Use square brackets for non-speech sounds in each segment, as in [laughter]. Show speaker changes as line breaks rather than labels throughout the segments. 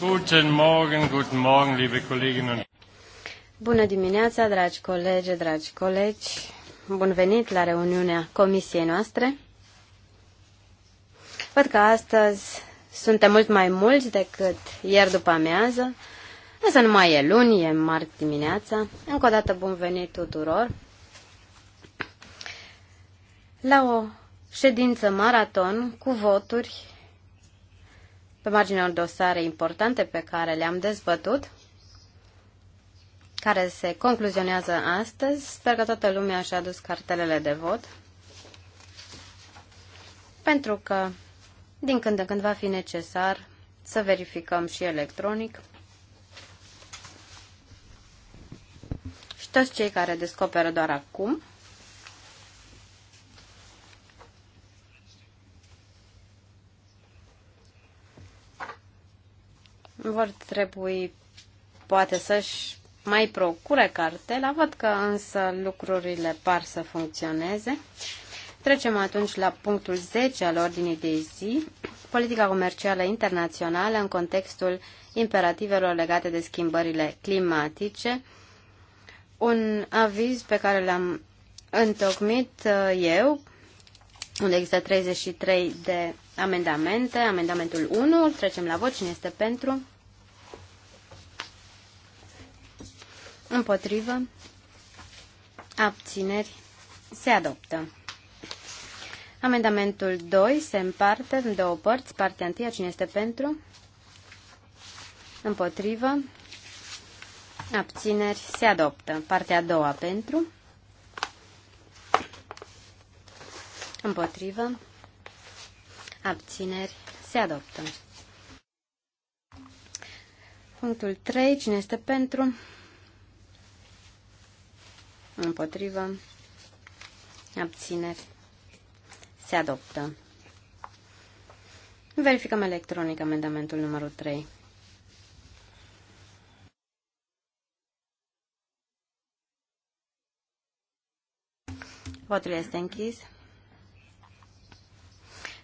Guten Morgen, guten Morgen, liebe Kolleginnen und
Bună dimineața, dragi colegi, dragi colegi. Bun venit la reuniunea comisiei noastre. Văd că astăzi suntem mult mai mulți decât ieri după amiază, însă nu mai e luni, e marți dimineața. Încă o dată bun venit tuturor. La o ședință maraton cu voturi pe marginea unor dosare importante pe care le-am dezbătut, care se concluzionează astăzi. Sper că toată lumea și-a adus cartelele de vot, pentru că din când în când va fi necesar să verificăm și electronic. Și toți cei care descoperă doar acum vor trebui poate să-și mai procure cartela, văd că însă lucrurile par să funcționeze. Trecem atunci la punctul 10 al ordinii de zi, politica comercială internațională în contextul imperativelor legate de schimbările climatice, un aviz pe care l-am întocmit uh, eu, unde există 33 de amendamente. Amendamentul 1, trecem la vot. Cine este pentru? Împotrivă. Abțineri. Se adoptă. Amendamentul 2 se împarte în două părți. Partea 1, cine este pentru? Împotrivă. Abțineri. Se adoptă. Partea a doua pentru. Împotrivă abțineri, se adoptă. Punctul 3. Cine este pentru? Împotrivă. Abțineri. Se adoptă. Verificăm electronic amendamentul numărul 3. Votul este închis.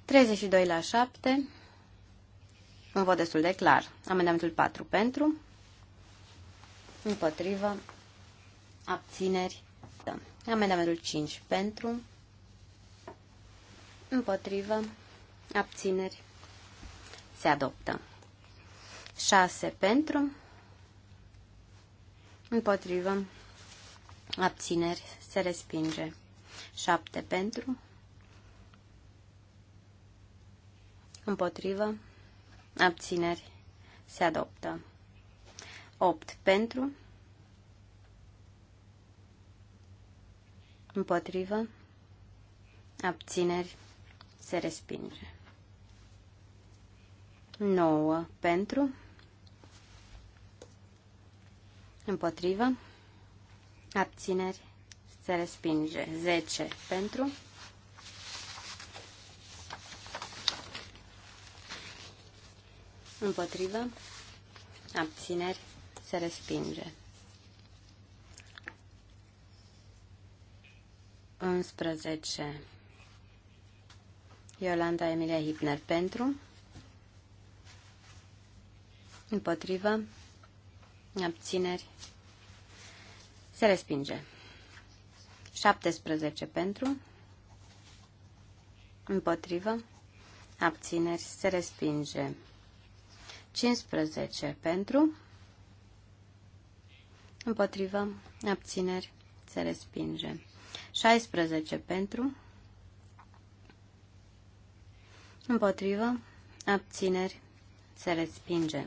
32 la 7. Un vot destul de clar. Amendamentul 4 pentru. Împotrivă. Abțineri. Da. Amendamentul 5 pentru. Împotrivă. Abțineri. Se adoptă. 6 pentru. Împotrivă. Abțineri. Se respinge. 7 pentru. Împotrivă. Abțineri. Se adoptă. 8 pentru. Împotrivă. Abțineri. Se respinge. 9 pentru. Împotrivă. Abțineri. Se respinge. 10 pentru. Împotrivă. Abțineri. Se respinge. 11. Iolanda Emilia Hipner pentru. Împotrivă. Abțineri. Se respinge. 17 pentru. Împotrivă. Abțineri. Se respinge. 15 pentru, împotrivă, abțineri, se respinge. 16 pentru, împotrivă, abțineri, se respinge.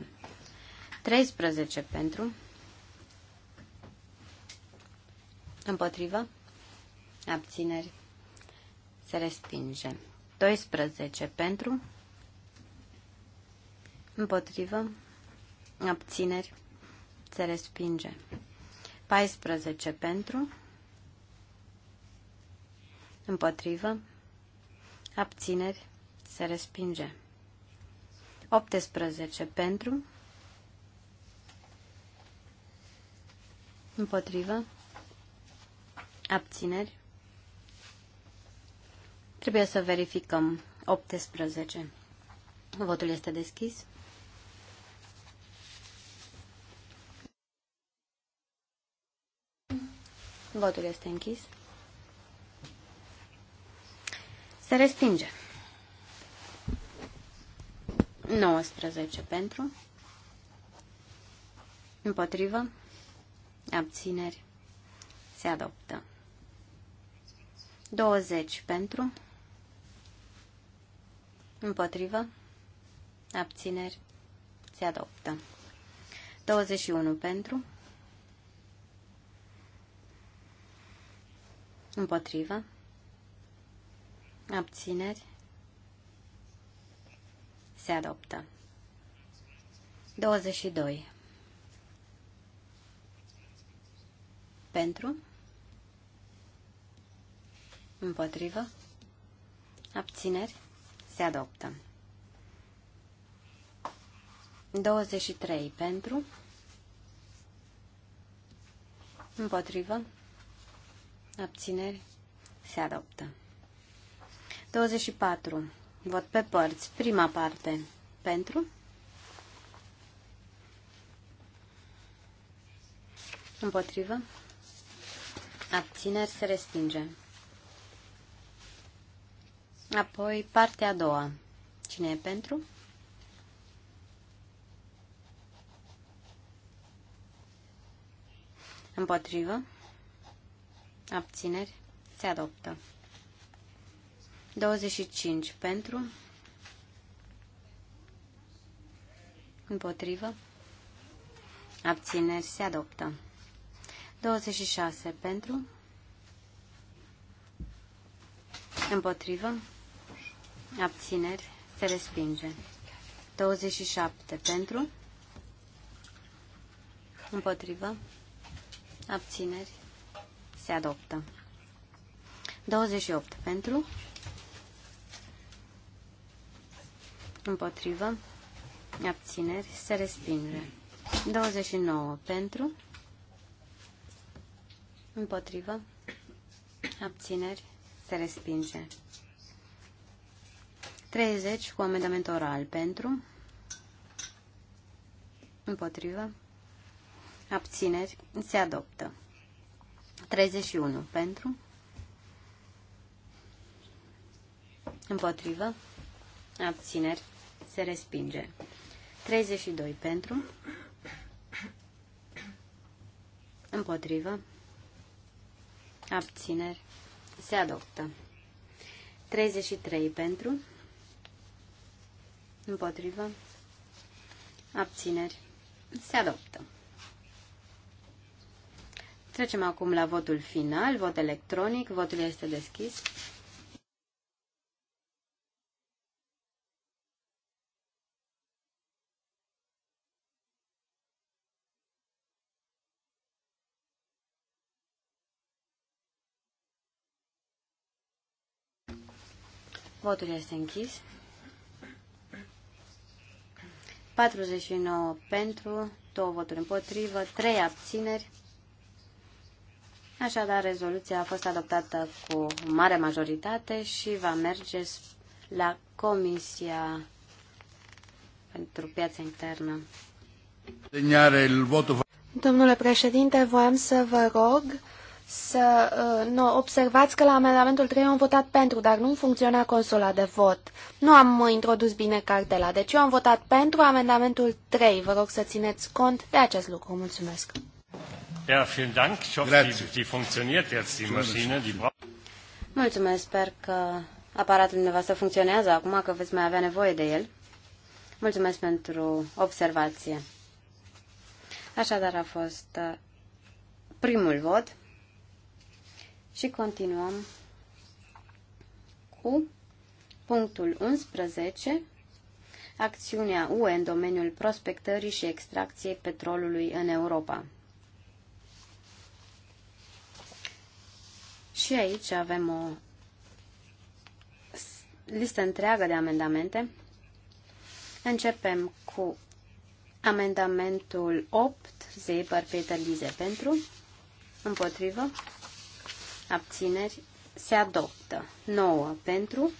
13 pentru, împotrivă, abțineri, se respinge. 12 pentru, Împotrivă. Abțineri. Se respinge. 14 pentru. Împotrivă. Abțineri. Se respinge. 18 pentru. Împotrivă. Abțineri. Trebuie să verificăm. 18. Votul este deschis. Votul este închis. Se respinge. 19 pentru. Împotrivă. Abțineri. Se adoptă. 20 pentru. Împotrivă. Abțineri. Se adoptă. 21 pentru. Împotrivă. Abțineri. Se adoptă. 22. Pentru. Împotrivă. Abțineri. Se adoptă. 23. Pentru. Împotrivă abțineri, se adoptă. 24. Vot pe părți. Prima parte. Pentru. Împotrivă. Abțineri se respinge. Apoi partea a doua. Cine e pentru? Împotrivă abțineri, se adoptă. 25 pentru, împotrivă, abțineri, se adoptă. 26 pentru, împotrivă, abțineri, se respinge. 27 pentru, împotrivă, abțineri, se adoptă. 28 pentru, împotrivă, abțineri, se respinge. 29 pentru, împotrivă, abțineri, se respinge. 30 cu amendament oral pentru, împotrivă, abțineri, se adoptă. 31 pentru, împotrivă, abțineri, se respinge. 32 pentru, împotrivă, abțineri, se adoptă. 33 pentru, împotrivă, abțineri, se adoptă. Trecem acum la votul final, vot electronic, votul este deschis. Votul este închis. 49 pentru, 2 voturi împotrivă, 3 abțineri. Așadar, rezoluția a fost adoptată cu mare majoritate și va merge la Comisia pentru Piața Internă.
Domnule președinte, voiam să vă rog
să
uh, nu, observați că la amendamentul 3 am votat pentru, dar nu funcționa consola de vot. Nu am introdus bine cartela, deci eu am votat pentru amendamentul 3. Vă rog să țineți
cont de acest lucru. Mulțumesc.
Ja, vielen Dank. Ich hoffe, die, die funktioniert jetzt, die mașină. Die
Mulțumesc, sper că aparatul dumneavoastră funcționează acum, că veți mai avea nevoie de el. Mulțumesc pentru observație. Așadar a fost uh, primul vot și continuăm cu punctul 11, acțiunea UE în domeniul prospectării și extracției petrolului în Europa. Și aici avem o listă întreagă de amendamente. Începem cu amendamentul 8, Zeber Peter Lize pentru, împotrivă, abțineri, se adoptă. 9 pentru,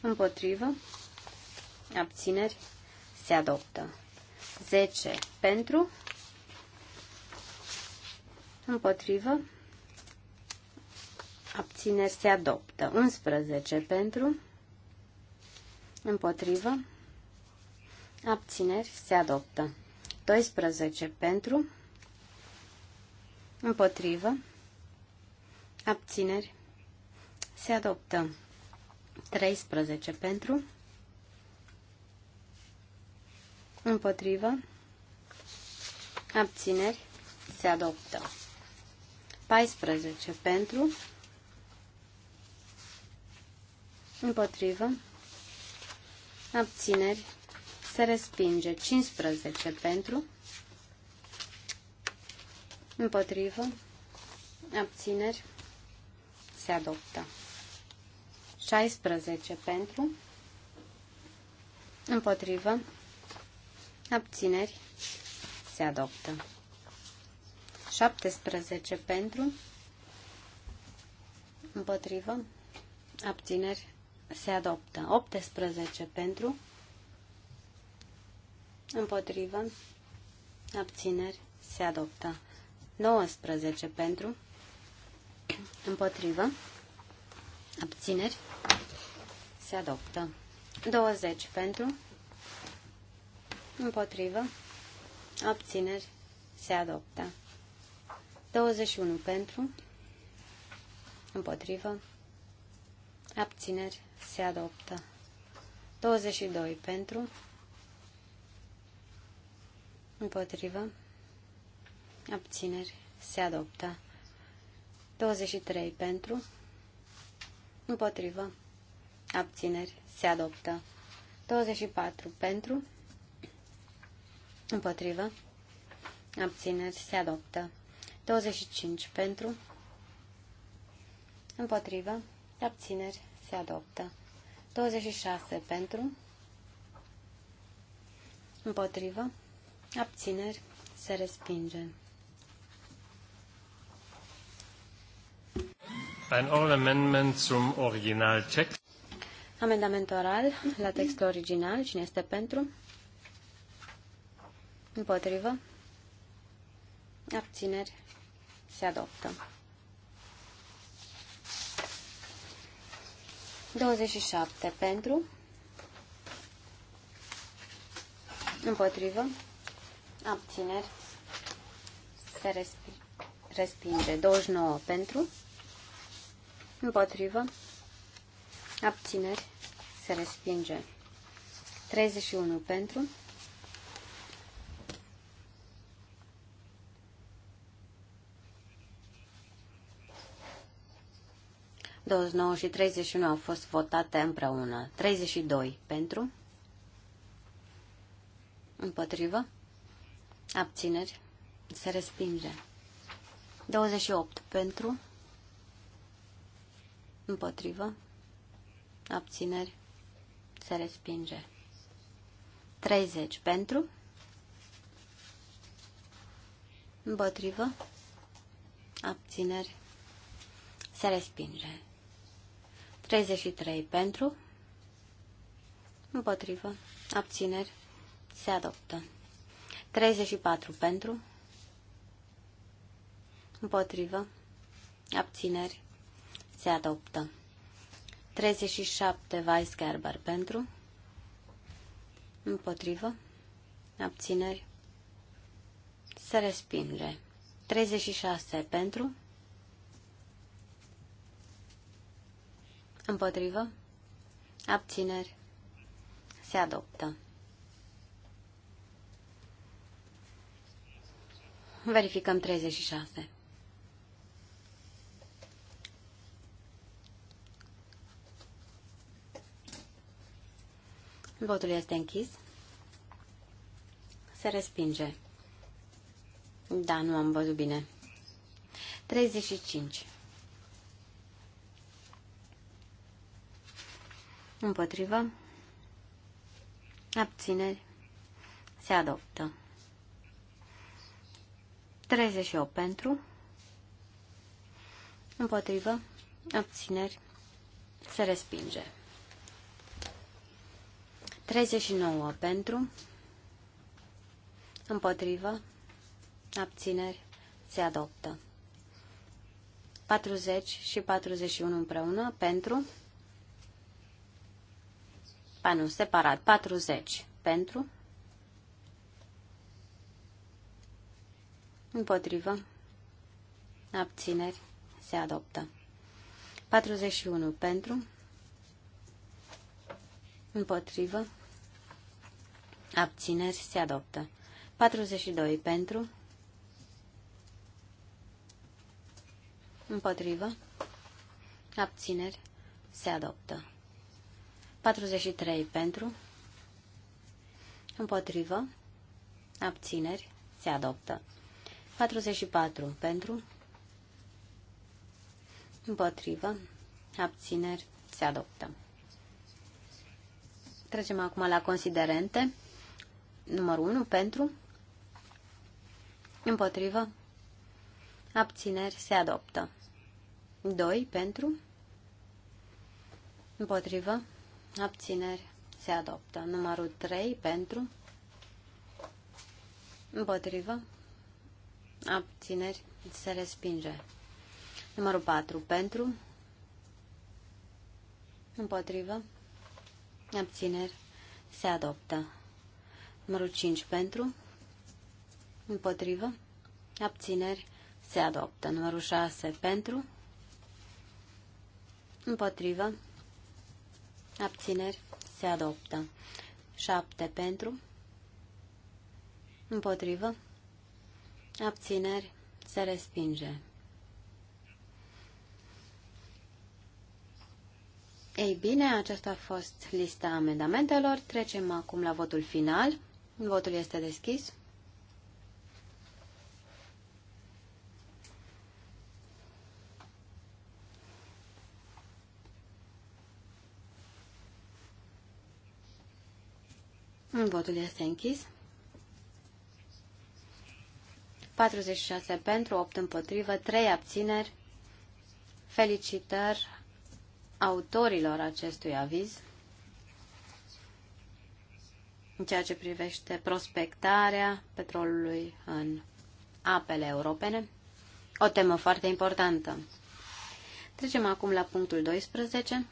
împotrivă, abțineri, se adoptă. 10 pentru, împotrivă, Abțineri se adoptă. 11 pentru. Împotrivă. Abțineri se adoptă. 12 pentru. Împotrivă. Abțineri se adoptă. 13 pentru. Împotrivă. Abțineri se adoptă. 14 pentru împotrivă, abțineri, se respinge 15 pentru, împotrivă, abțineri, se adoptă 16 pentru, împotrivă, abțineri, se adoptă 17 pentru, împotrivă, abțineri, se adoptă. 18 pentru, împotrivă, abțineri, se adoptă. 19 pentru, împotrivă, abțineri, se adoptă. 20 pentru, împotrivă, abțineri, se adoptă. 21 pentru, împotrivă, abțineri, se adoptă. 22 pentru, împotrivă, abțineri, se adoptă. 23 pentru, împotrivă, abțineri, se adoptă. 24 pentru, împotrivă, abțineri, se adoptă. 25 pentru, împotrivă, abțineri, se adoptă. 26 pentru, împotrivă, abțineri, se respinge.
Ein oral amendment zum original text.
Amendament oral la textul original. Cine este pentru? Împotrivă. Abțineri. Se adoptă. 27 pentru, împotrivă, abțineri, se respinge. 29 pentru, împotrivă, abțineri, se respinge. 31 pentru, 29 și 31 au fost votate împreună. 32 pentru. Împotrivă. Abțineri. Se respinge. 28 pentru. Împotrivă. Abțineri. Se respinge. 30 pentru. Împotrivă. Abțineri. Se respinge. 33 pentru, împotrivă, abțineri, se adoptă. 34 pentru, împotrivă, abțineri, se adoptă. 37 Weisgerber pentru, împotrivă, abțineri, se respinge. 36 pentru, Împotrivă. Abțineri. Se adoptă. Verificăm 36. Votul este închis. Se respinge. Da, nu am văzut bine. 35. Împotrivă. Abțineri. Se adoptă. 38 pentru. Împotrivă. Abțineri. Se respinge. 39 pentru. Împotrivă. Abțineri. Se adoptă. 40 și 41 împreună pentru. Ba separat. 40 pentru. Împotrivă. Abțineri. Se adoptă. 41 pentru. Împotrivă. Abțineri. Se adoptă. 42 pentru. Împotrivă. Abțineri. Se adoptă. 43 pentru, împotrivă, abțineri, se adoptă. 44 pentru, împotrivă, abțineri, se adoptă. Trecem acum la considerente. Numărul 1 pentru, împotrivă, abțineri, se adoptă. 2 pentru, împotrivă, abțineri, se adoptă. Numărul 3 pentru, împotrivă, abțineri, se respinge. Numărul 4 pentru, împotrivă, abțineri, se adoptă. Numărul 5 pentru, împotrivă, abțineri, se adoptă. Numărul 6 pentru, împotrivă, abțineri, se adoptă. 7 pentru, împotrivă, abțineri, se respinge. Ei bine, aceasta a fost lista amendamentelor. Trecem acum la votul final. Votul este deschis. Votul este închis. 46 pentru, 8 împotrivă, 3 abțineri. Felicitări autorilor acestui aviz în ceea ce privește prospectarea petrolului în apele europene, o temă foarte importantă. Trecem acum la punctul 12.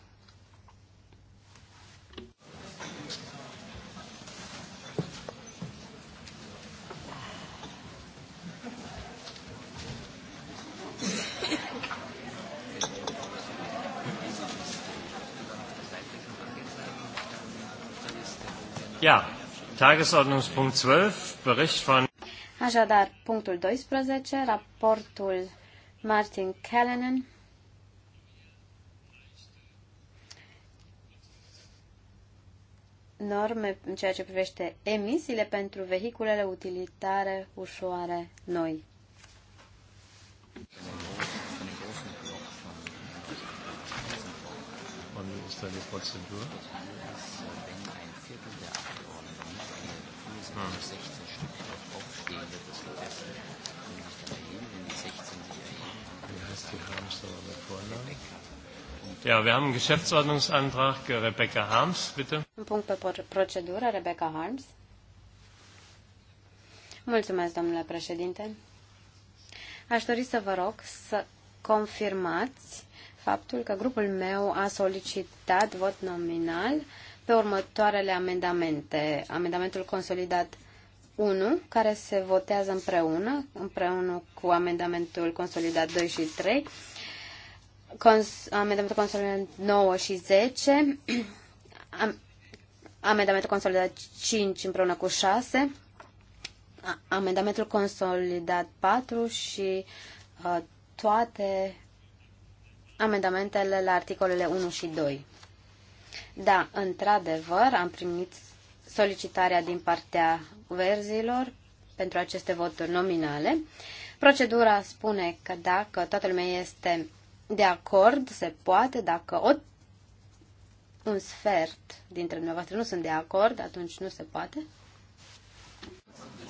Așadar, punctul 12, raportul Martin Kellenen. norme în ceea ce privește emisiile pentru vehiculele utilitare ușoare noi.
Wann ist deine da Prozedur? müssen 16 Stück aufstehende, wenn sich dann erheben, wenn die 16 sich erheben. Wie heißt die Ja, wir haben einen Geschäftsordnungsantrag. Rebecca Harms, bitte.
punct pe procedură, Rebecca Harms. Mulțumesc, domnule președinte. Aș dori să vă rog să confirmați faptul că grupul meu a solicitat vot nominal uh, pe următoarele amendamente. Amendamentul consolidat 1, care se votează împreună, împreună cu amendamentul consolidat 2 și 3, cons- amendamentul consolidat 9 și 10, [clears throat] am- amendamentul consolidat 5 împreună cu 6, amendamentul consolidat 4 și uh, toate amendamentele la articolele 1 și 2. Da, într-adevăr, am primit solicitarea din partea verzilor pentru aceste voturi nominale. Procedura spune că dacă toată lumea este de acord, se poate, dacă o, un sfert dintre dumneavoastră nu sunt de acord, atunci nu se poate.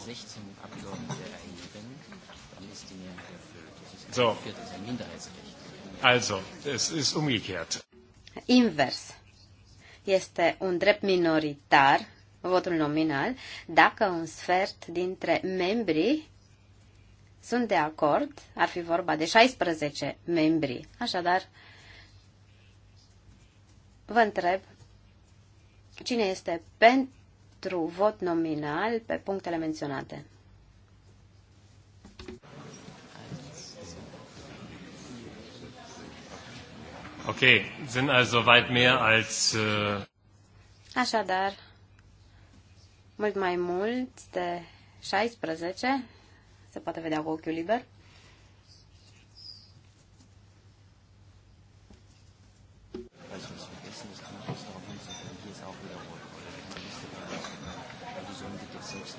16 so. Also, es ist umgekehrt. Invers
este un drept minoritar, votul nominal, dacă un sfert dintre membrii sunt de acord, ar fi vorba de 16 membri. Așadar, vă întreb cine este pentru vot nominal pe punctele menționate.
Okay, sind also weit mehr als... Uh...
Așadar, mult mai mult de 16 se poate vedea cu ochiul liber.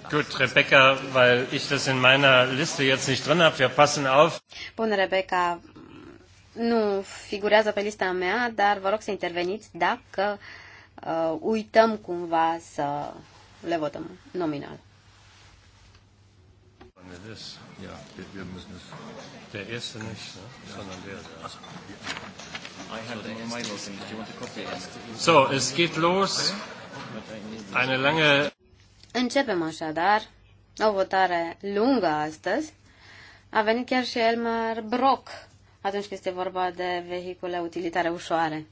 Gut, Rebecca, weil ich das in meiner Liste jetzt nicht drin habe, wir passen auf.
Bun, Rebecca, nu figurează pe lista mea, dar vă rog să interveniți dacă uh, uităm cumva să le votăm nominal.
So, es geht los. Eine lange...
Începem așadar o votare lungă astăzi. A venit chiar și Elmar Brock atunci când este vorba de vehicule utilitare ușoare.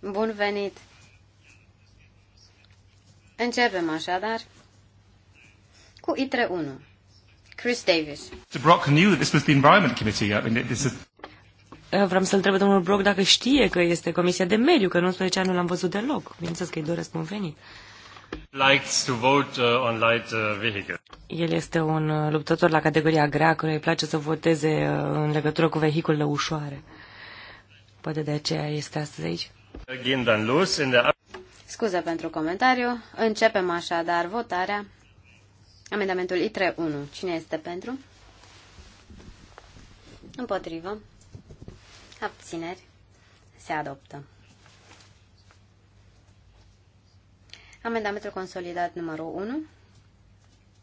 Bun venit! Începem așadar cu ITRE 1. Chris Davis.
Brock knew that this was the Environment Committee. I mean, this is...
Vreau să-l întreb domnul Brock dacă știe că este Comisia de Mediu, că în 11 ani nu l-am văzut deloc. Bineînțeles că îi doresc bun venit. Uh,
likes to vote uh, on light uh, vehicle.
El este un uh, luptător la categoria grea, care îi place să voteze în legătură cu vehiculele ușoare. Poate de aceea este astăzi aici. Scuze pentru comentariu. Începem așadar votarea. Amendamentul I3.1. Cine este pentru? Împotrivă. Abțineri. Se adoptă. Amendamentul consolidat numărul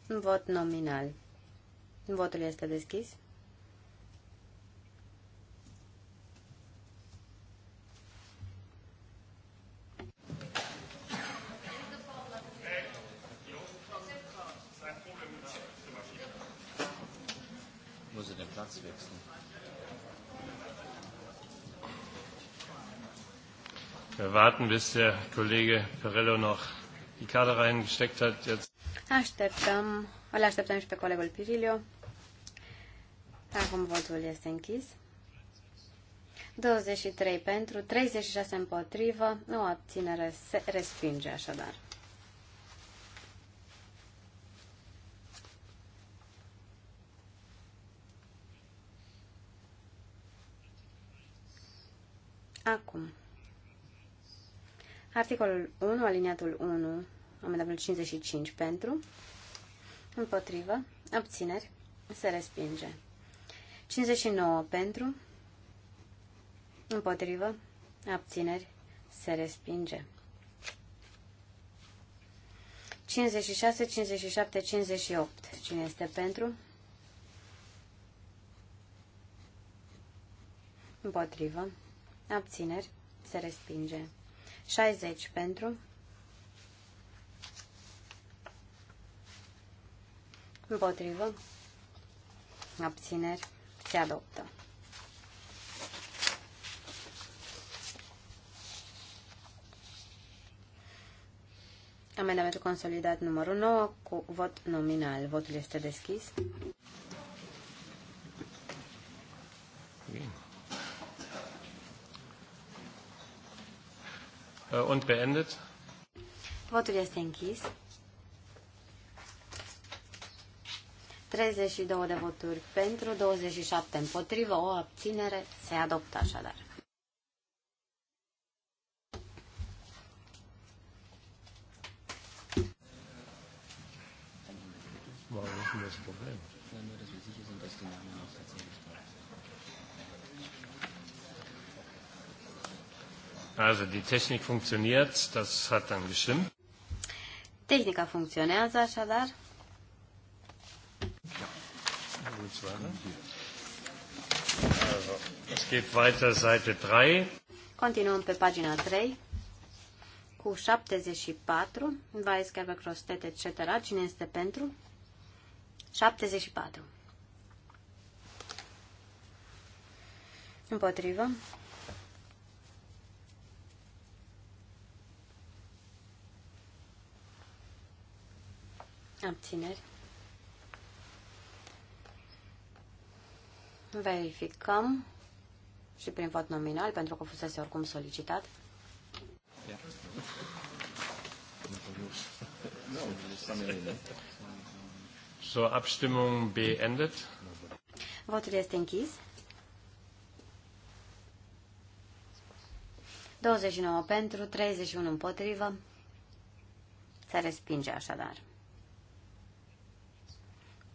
1. Vot nominal. Votul este deschis.
Wir warten, bis der Kollege Perello noch die reingesteckt hat. Jetzt.
Așteptăm, îl așteptăm și pe colegul Pirilio. Acum votul este închis. 23 pentru, 36 împotrivă, o abținere se respinge așadar. Acum. Articolul 1, aliniatul 1, amendamentul 55 pentru, împotrivă, abțineri, se respinge. 59 pentru, împotrivă, abțineri, se respinge. 56, 57, 58. Cine este pentru? Împotrivă. Abțineri. Se respinge. 60 pentru. Împotrivă. Abțineri. Se adoptă. Amendamentul consolidat numărul 9 cu vot nominal. Votul este deschis.
Bine. Äh, und beendet.
Votul este închis. 32 de voturi pentru, 27 împotrivă, o abținere se adoptă așadar.
Warum ist das Problem? Nur, dass wir sicher sind, dass die Namen auch tatsächlich bleiben. Also die Technik funktioniert, das hat dann gestimmt.
Tehnica funcționează așadar.
Also, es geht weiter Seite 3.
Continuăm pe pagina 3 cu 74, Weiss, Gerber, Crostet, etc. Cine este pentru? 74. Împotrivă. Abțineri. Verificăm și prin vot nominal, pentru că fusese oricum solicitat. [laughs]
So, Abstimmung beendet.
Votul este închis. 29 pentru, 31 împotrivă. Se respinge așadar.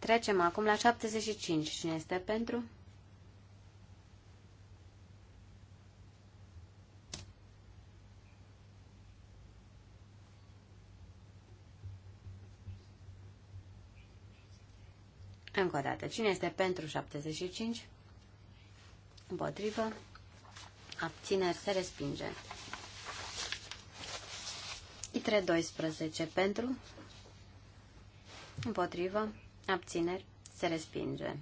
Trecem acum la 75. Cine este pentru? Încă o dată. Cine este pentru 75? Împotrivă. Abțineri se respinge. ITRE 12 pentru. Împotrivă abțineri, se respinge.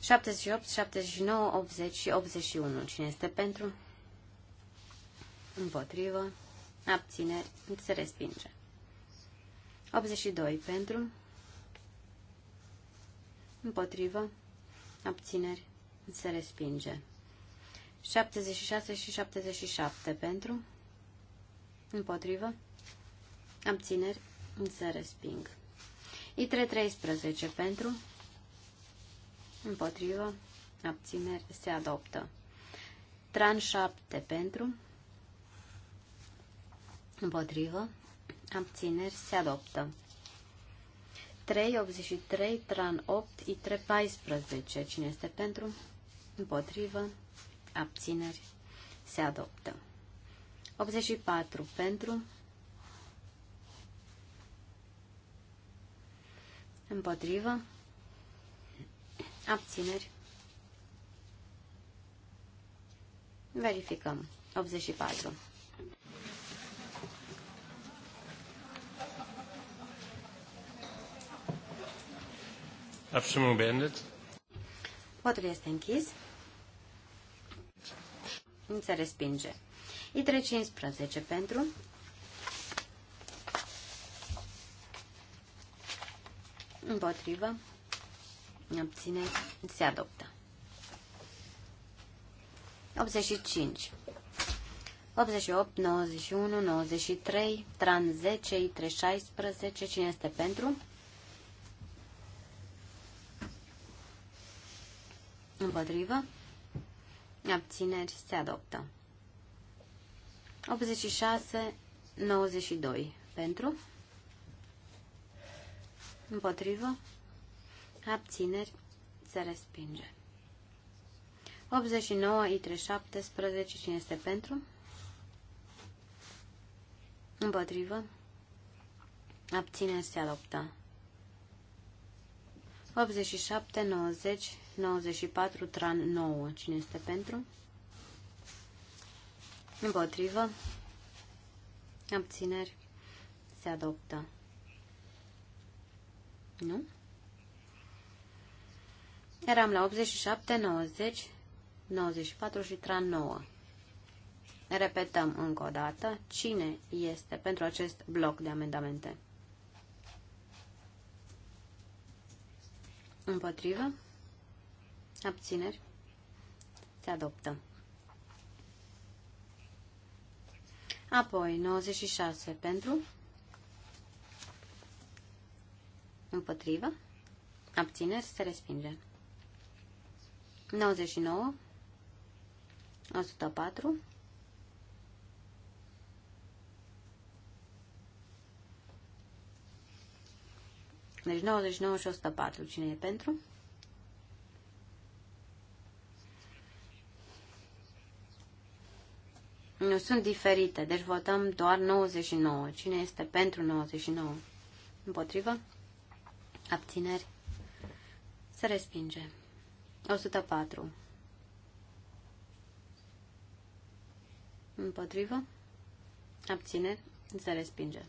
78, 79, 80 și 81. Cine este pentru? Împotrivă, abțineri, se respinge. 82 pentru, împotrivă, abțineri, se respinge. 76 și 77 pentru, împotrivă, abțineri, se respinge. ITRE 13 pentru, împotrivă, abțineri, se adoptă. TRAN 7 pentru, împotrivă, abțineri, se adoptă. 383, TRAN 8, ITRE 14. Cine este pentru? Împotrivă, abțineri, se adoptă. 84 pentru, Împotrivă. Abțineri. Verificăm. 84.
Abstimmung beendet.
Votul este închis. Se respinge. I315 pentru. împotrivă, obține, se adoptă. 85. 88, 91, 93, tran 10, 16, cine este pentru? Împotrivă. Abțineri se adoptă. 86, 92, pentru? Împotrivă. Abțineri. Se respinge. 89, ITRE 17, cine este pentru? Împotrivă. Abțineri se adoptă. 87, 90, 94, TRAN 9. Cine este pentru? Împotrivă. Abțineri se adoptă. Nu? Eram la 87, 90, 94 și tran 9. Repetăm încă o dată cine este pentru acest bloc de amendamente. Împotrivă? Abțineri? Se adoptă. Apoi, 96 pentru, Împotrivă. Abțineri se respinge. 99. 104. 99 și 104. Deci Cine e pentru? Nu sunt diferite, deci votăm doar 99. Cine este pentru 99? Împotrivă? abțineri, se respinge. 104. Împotrivă, abțineri, se respinge.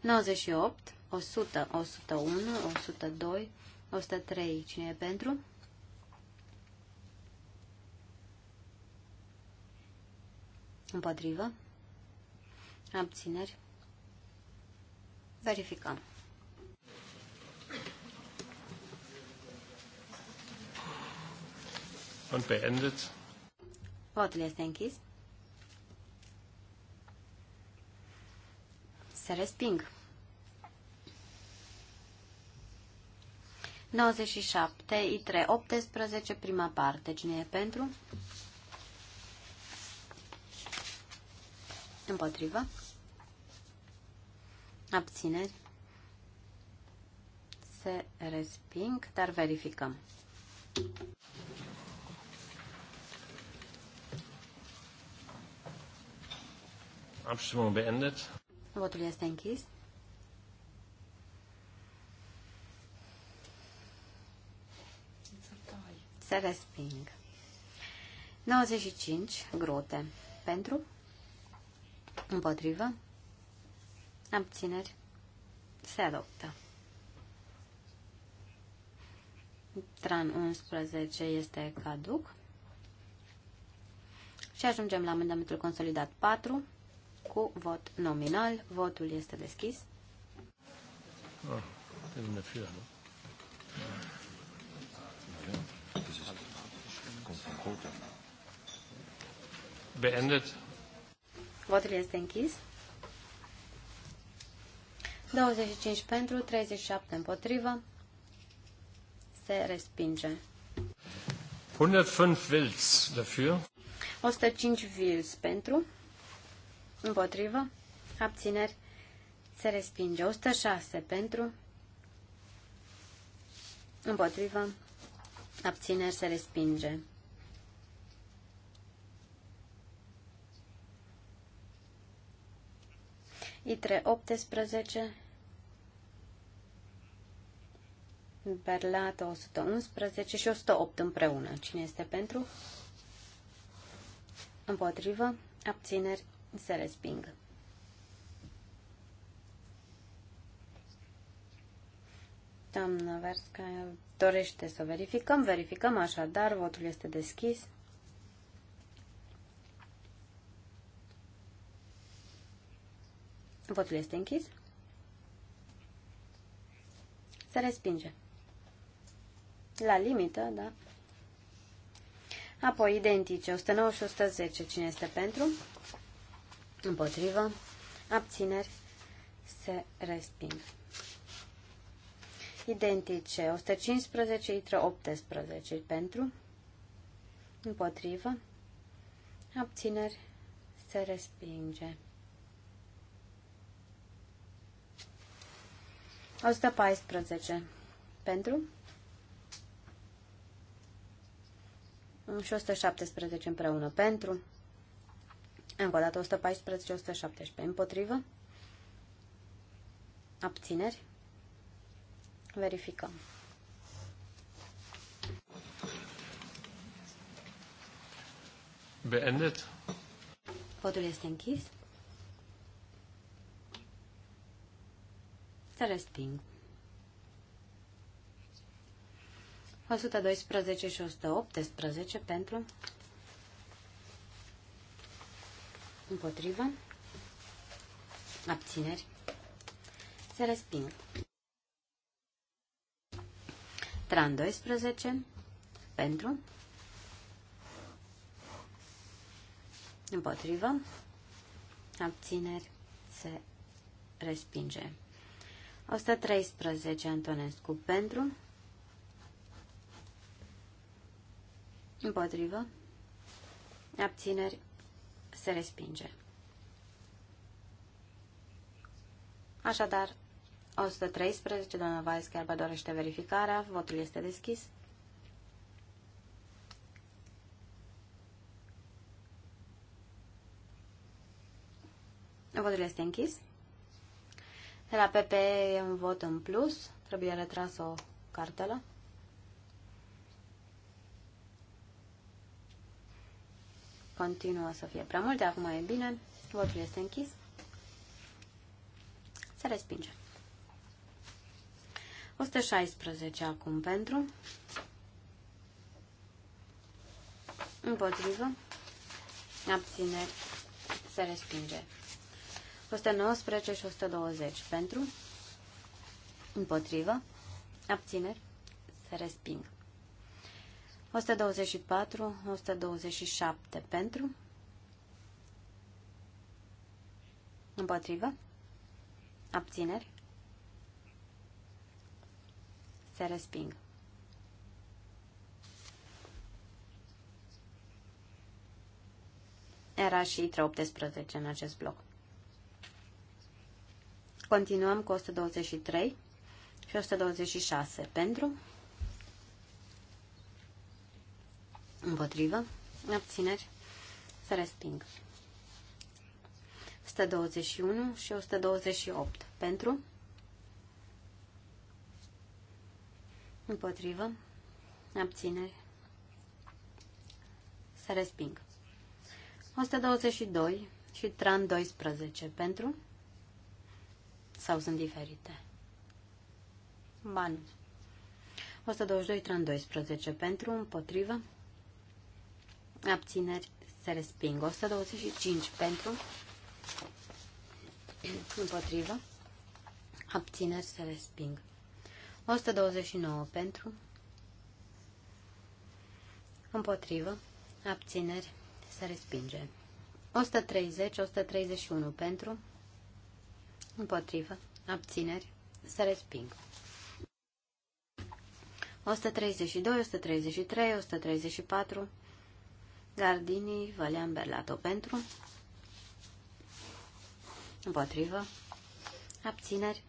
Nozeci și opt, o sută, o sută unu, o sută doi, o sută trei, cine e pentru? Împotrivă. Abțineri. Verificăm.
Und beendet.
Votul este închis. Se resping. 97, I3, 18, prima parte. Cine e pentru? Împotrivă. Abțineri. Se resping, dar verificăm.
Abstimmung beendet.
Votul este închis. Se resping. 95 grote. Pentru? Împotrivă. Abțineri. Se adoptă. Tran 11 este caduc. Și ajungem la amendamentul consolidat 4 cu vot nominal. Votul este deschis.
Ah, Beendet.
Votul este închis. 25 pentru, 37 împotrivă. Se respinge.
105 Wills dafür.
105 Wills pentru, împotrivă, abțineri, se respinge. 106 pentru, împotrivă, abțineri, se respinge. ITRE 18, Berlata 111 și 108 împreună. Cine este pentru? Împotrivă, abțineri, se resping. Doamna Verscaia dorește să verificăm. Verificăm așadar, votul este deschis. Votul este închis. Se respinge. La limită, da. Apoi, identice, 109 și 110. Cine este pentru? Împotrivă. Abțineri. Se resping. Identice, 115, itră 18. Pentru? Împotrivă. Abțineri. Se respinge. 114 pentru și 117 împreună pentru. Încă o dată 114, 117 împotrivă. Abțineri. Verificăm.
Beendet.
Votul este închis. Se resping. 112 și 118 pentru împotrivă abțineri se resping. Tran 12 pentru împotrivă abțineri se respinge. 113 Antonescu pentru împotrivă abțineri se respinge. Așadar, 113, doamna Vais, chiar vă dorește verificarea, votul este deschis. Votul este închis. De la PPE e un vot în plus. Trebuie retras o cartelă. Continuă să fie prea multe, acum e bine. Votul este închis. Se respinge. 116 acum pentru. Împotrivă. Abțineri. Se respinge. 119 și 120 pentru, împotrivă, abțineri, se resping. 124, 127 pentru, împotrivă, abțineri, se resping. Era și 318 în acest bloc. Continuăm cu 123 și 126 pentru, împotrivă, abțineri, să resping. 121 și 128 pentru, împotrivă, abțineri, să resping. 122 și tran 12 pentru, sau sunt diferite? Bani. 122 312 pentru, împotrivă. Abțineri se resping. 125 pentru, împotrivă. Abțineri se resping. 129 pentru, împotrivă. Abțineri se respinge. 130-131 pentru, Împotrivă. Abțineri. Să resping. 132, 133, 134. Gardini, Vălean, Berlato pentru. Împotrivă. Abțineri.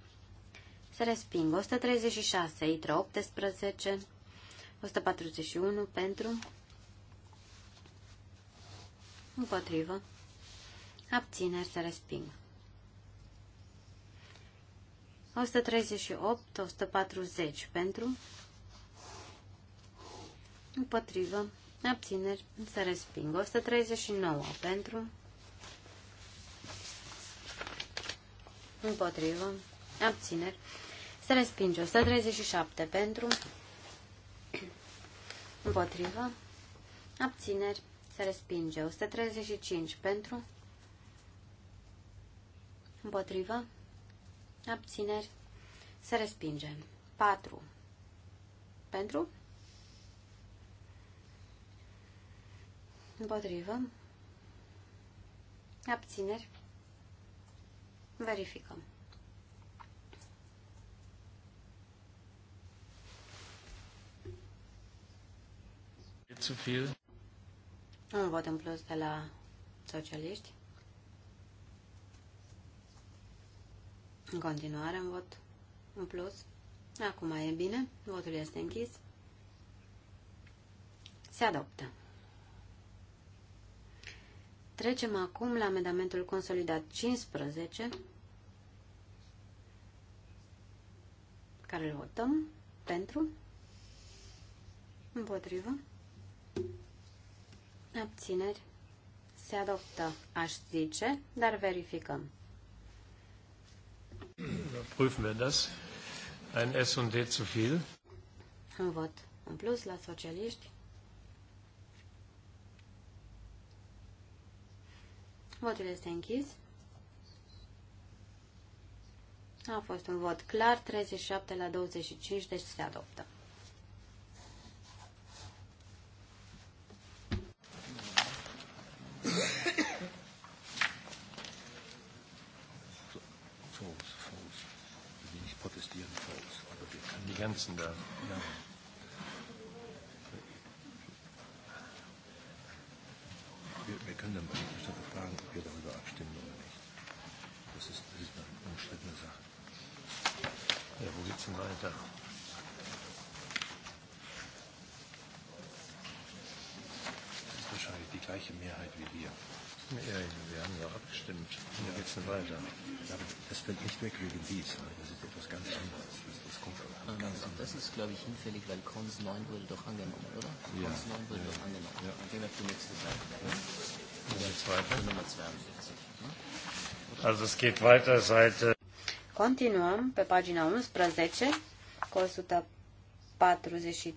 Să resping. 136, Itra 18. 141 pentru. Împotrivă. Abțineri să resping. 138, 140 pentru, împotrivă, abțineri, se resping. 139 pentru, împotrivă, abțineri, se respinge. 137 pentru, împotrivă, abțineri, se respinge. 135 pentru, împotrivă, abțineri, se respinge. 4 pentru, împotrivă, abțineri, verificăm. Un vot în plus de la socialiști. În continuare, în vot în plus. Acum e bine. Votul este închis. Se adoptă. Trecem acum la amendamentul consolidat 15, care îl votăm pentru, împotrivă, abțineri, se adoptă, aș zice, dar verificăm.
Prüfen wir das. Ein S und D zu viel.
Un Wort. în plus la socialiști. Votul este închis. A fost un vot clar, 37 la 25, deci se adoptă.
stimmt. Ja. Jetzt da weiter. Das wird nicht weg wegen dies. Das ist etwas ganz anderes. Das, kommt aber ah, ganz anders. Das ist, glaube ich, hinfällig, weil Cons 9 wurde doch angenommen, oder? Ja. Cons 9 wurde ja. doch angenommen. Ja. Und gehen wir auf die nächste Seite. Ne? Jetzt weiter. Nummer 42. Hm? Also es geht weiter, Seite.
Continuăm pe pagina 11 cu 143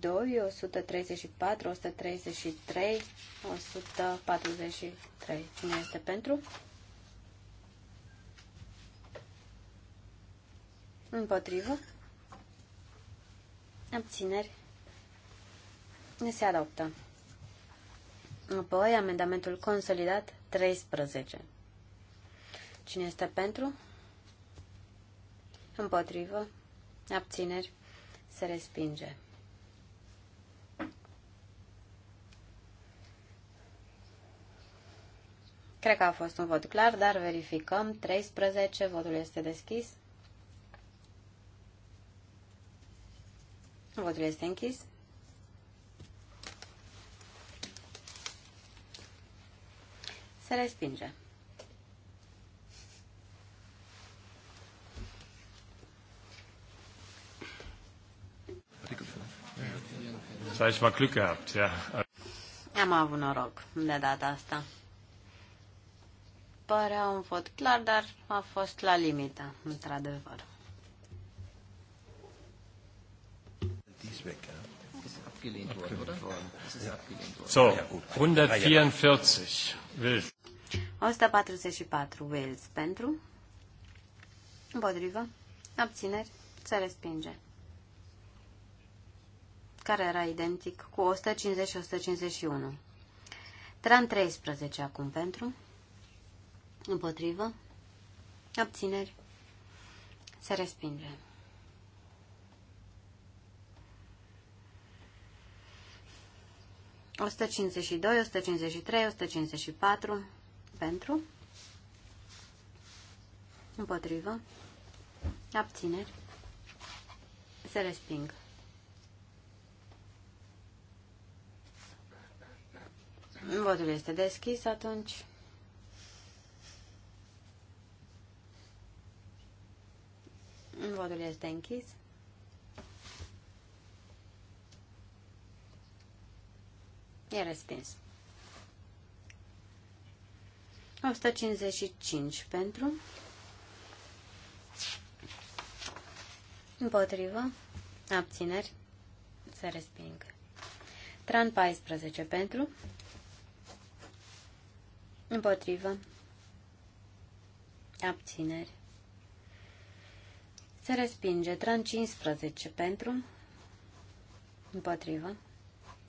2, 134, 133, 143. Cine este pentru? Împotrivă. Abțineri. Se adoptă. Apoi, amendamentul consolidat 13. Cine este pentru? Împotrivă. Abțineri. Se respinge. Cred că a fost un vot clar, dar verificăm. 13, votul este deschis. Votul este închis. Se respinge. Să ai și mă Am avut noroc de data asta părea un vot clar, dar a fost la limită, într-adevăr.
So, 144
Wills. pentru, împotrivă, abțineri, se respinge. Care era identic cu 150 și 151. Tran 13 acum pentru, Împotrivă. Abțineri. Se respinge. O 152, 153, 154 pentru, împotrivă, abțineri, se resping. Votul este deschis atunci. Votul este închis. E respins. 155 pentru. Împotrivă. Abțineri. Se resping. Tran 14 pentru. Împotrivă. Abțineri. Se respinge. Tran 15 pentru. Împotrivă.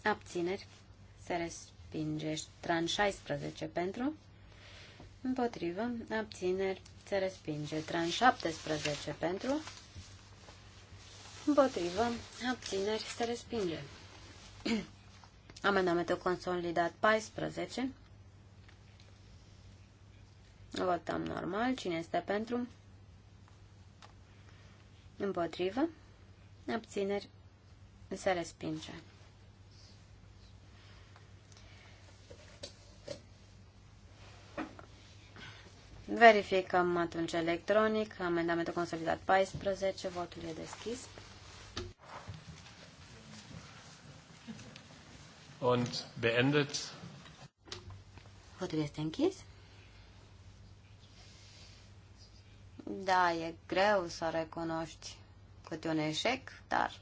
Abțineri. Se respinge. Tran 16 pentru. Împotrivă. Abțineri. Se respinge. Tran 17 pentru. Împotrivă. Abțineri. Se respinge. [clears throat] Amendamentul consolidat 14. Votăm normal. Cine este pentru? Pentru. Împotrivă. Abțineri. Se respinge. Verificăm atunci electronic. Amendamentul consolidat 14. Votul e deschis.
Und beendet.
Votul este închis. Da, e greu să recunoști câte un eșec, dar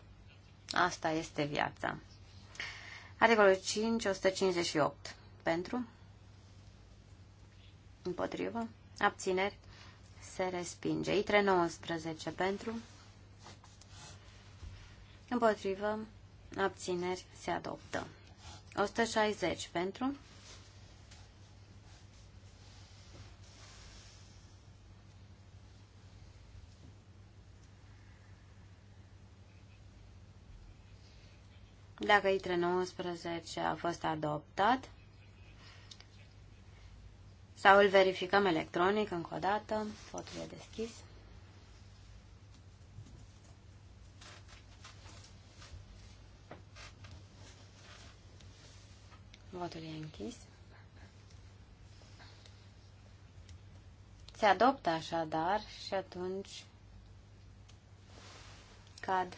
asta este viața. Articolul 5, 158. Pentru? Împotrivă? Abțineri? Se respinge. ITRE 19. Pentru? Împotrivă? Abțineri? Se adoptă. 160. Pentru? Dacă ITRE 19 a fost adoptat, sau îl verificăm electronic încă o dată, votul e deschis. Votul e închis. Se adoptă așadar și atunci cad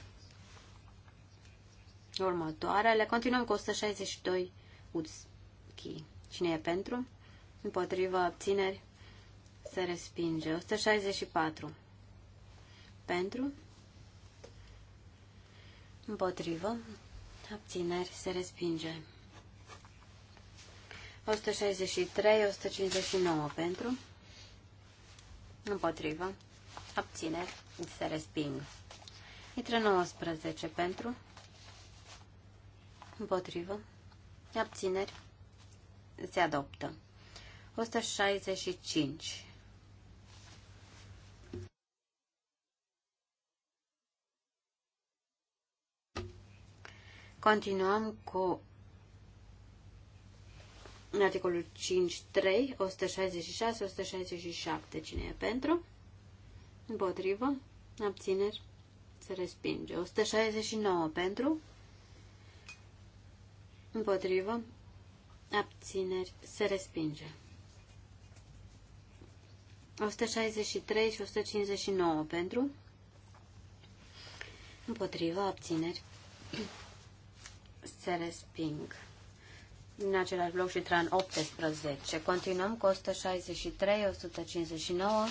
și următoarele. Continuăm cu 162 Utschi. Cine e pentru? Împotrivă abțineri se respinge. 164 pentru? Împotrivă abțineri se respinge. 163, 159 pentru, împotrivă, abțineri, se resping. Intră 19 pentru, împotrivă, abțineri, se adoptă. 165. Continuăm cu în articolul 5, 3, 166, 167. Cine e pentru? Împotrivă? Abțineri? Se respinge. 169 pentru? Împotrivă. Abțineri. Se respinge. 163 și 159 pentru. Împotrivă. Abțineri. Se resping. În același bloc și tran 18. Continuăm cu 163, 159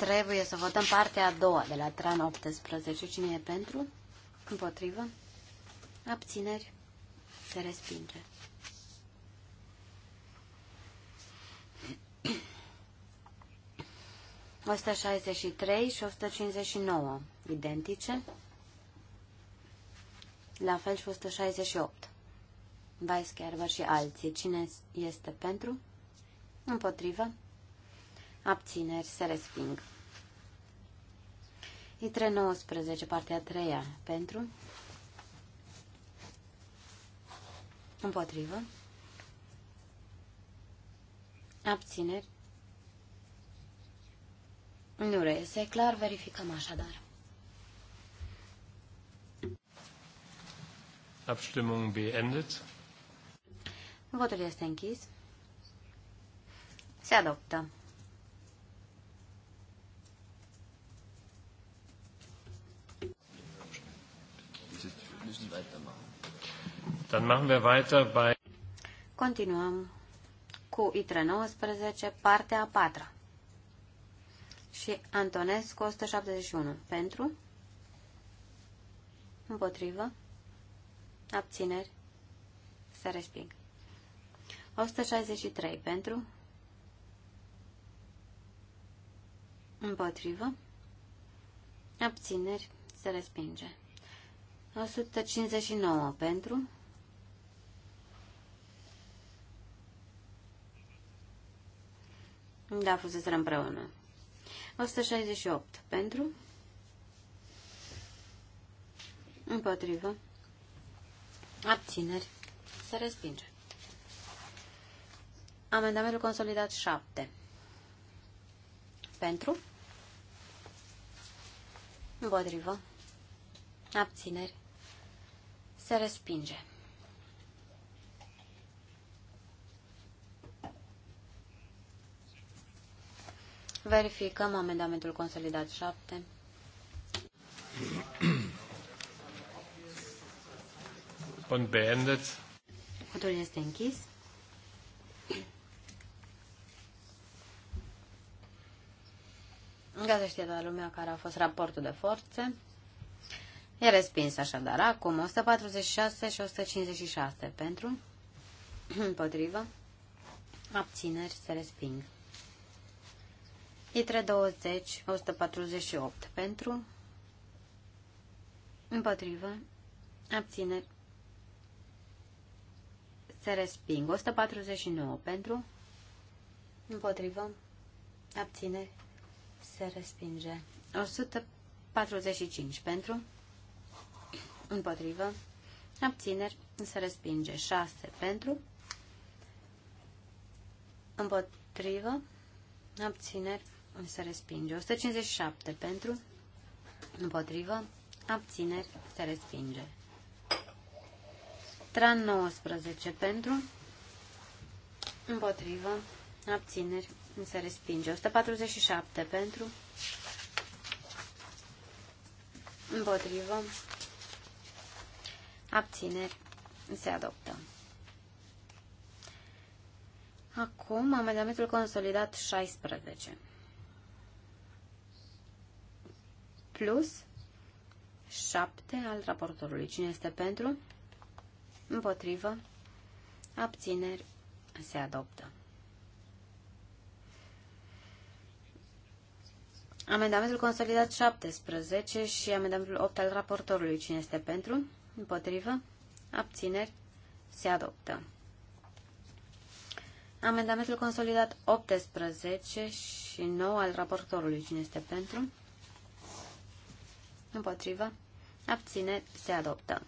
Trebuie să votăm partea a doua de la tran 18. Cine e pentru? Împotrivă? Abțineri? Se respinge. Osta [clears throat] 63 și 159 identice. La fel și 168. Weisgerber și alții. Cine este pentru? Împotrivă? abțineri, se resping. Litre 19, partea a treia, pentru, împotrivă, abțineri, nu reiese clar, verificăm așadar.
Abstimmung beendet.
Votul este închis. Se adoptă.
Dann machen wir weiter bei...
Continuăm cu ITRE 19, partea a patra. Și Antonescu 171. Pentru? Împotrivă? Abțineri? Se resping. 163. Pentru? Împotrivă? Abțineri? Se respinge. 159. Pentru? Da, fuseseră împreună. 168 pentru. Împotrivă. Abțineri. Se respinge. Amendamentul consolidat 7. Pentru. Împotrivă. Abțineri. Se respinge. Verificăm amendamentul consolidat 7.
Und beendet.
Votul este închis. Ca să știe toată lumea care a fost raportul de forțe. E respins așadar. Acum 146 și 156 pentru, [clears throat] împotrivă, abțineri se resping. Itre 20, 148 pentru, împotrivă, abțineri, se resping. 149 pentru, împotrivă, abțineri, se respinge. 145 pentru, împotrivă, abțineri, se respinge. 6 pentru, împotrivă, abțineri, se respinge. 157 pentru, împotrivă, abțineri, se respinge. Tran 19 pentru, împotrivă, abțineri, se respinge. 147 pentru, împotrivă, abțineri, se adoptă. Acum, amendamentul consolidat 16. plus 7 al raportorului. Cine este pentru? Împotrivă. Abțineri. Se adoptă. Amendamentul consolidat 17 și amendamentul 8 al raportorului. Cine este pentru? Împotrivă. Abțineri. Se adoptă. Amendamentul consolidat 18 și 9 al raportorului. Cine este pentru? Împotrivă. abține, Se adoptă.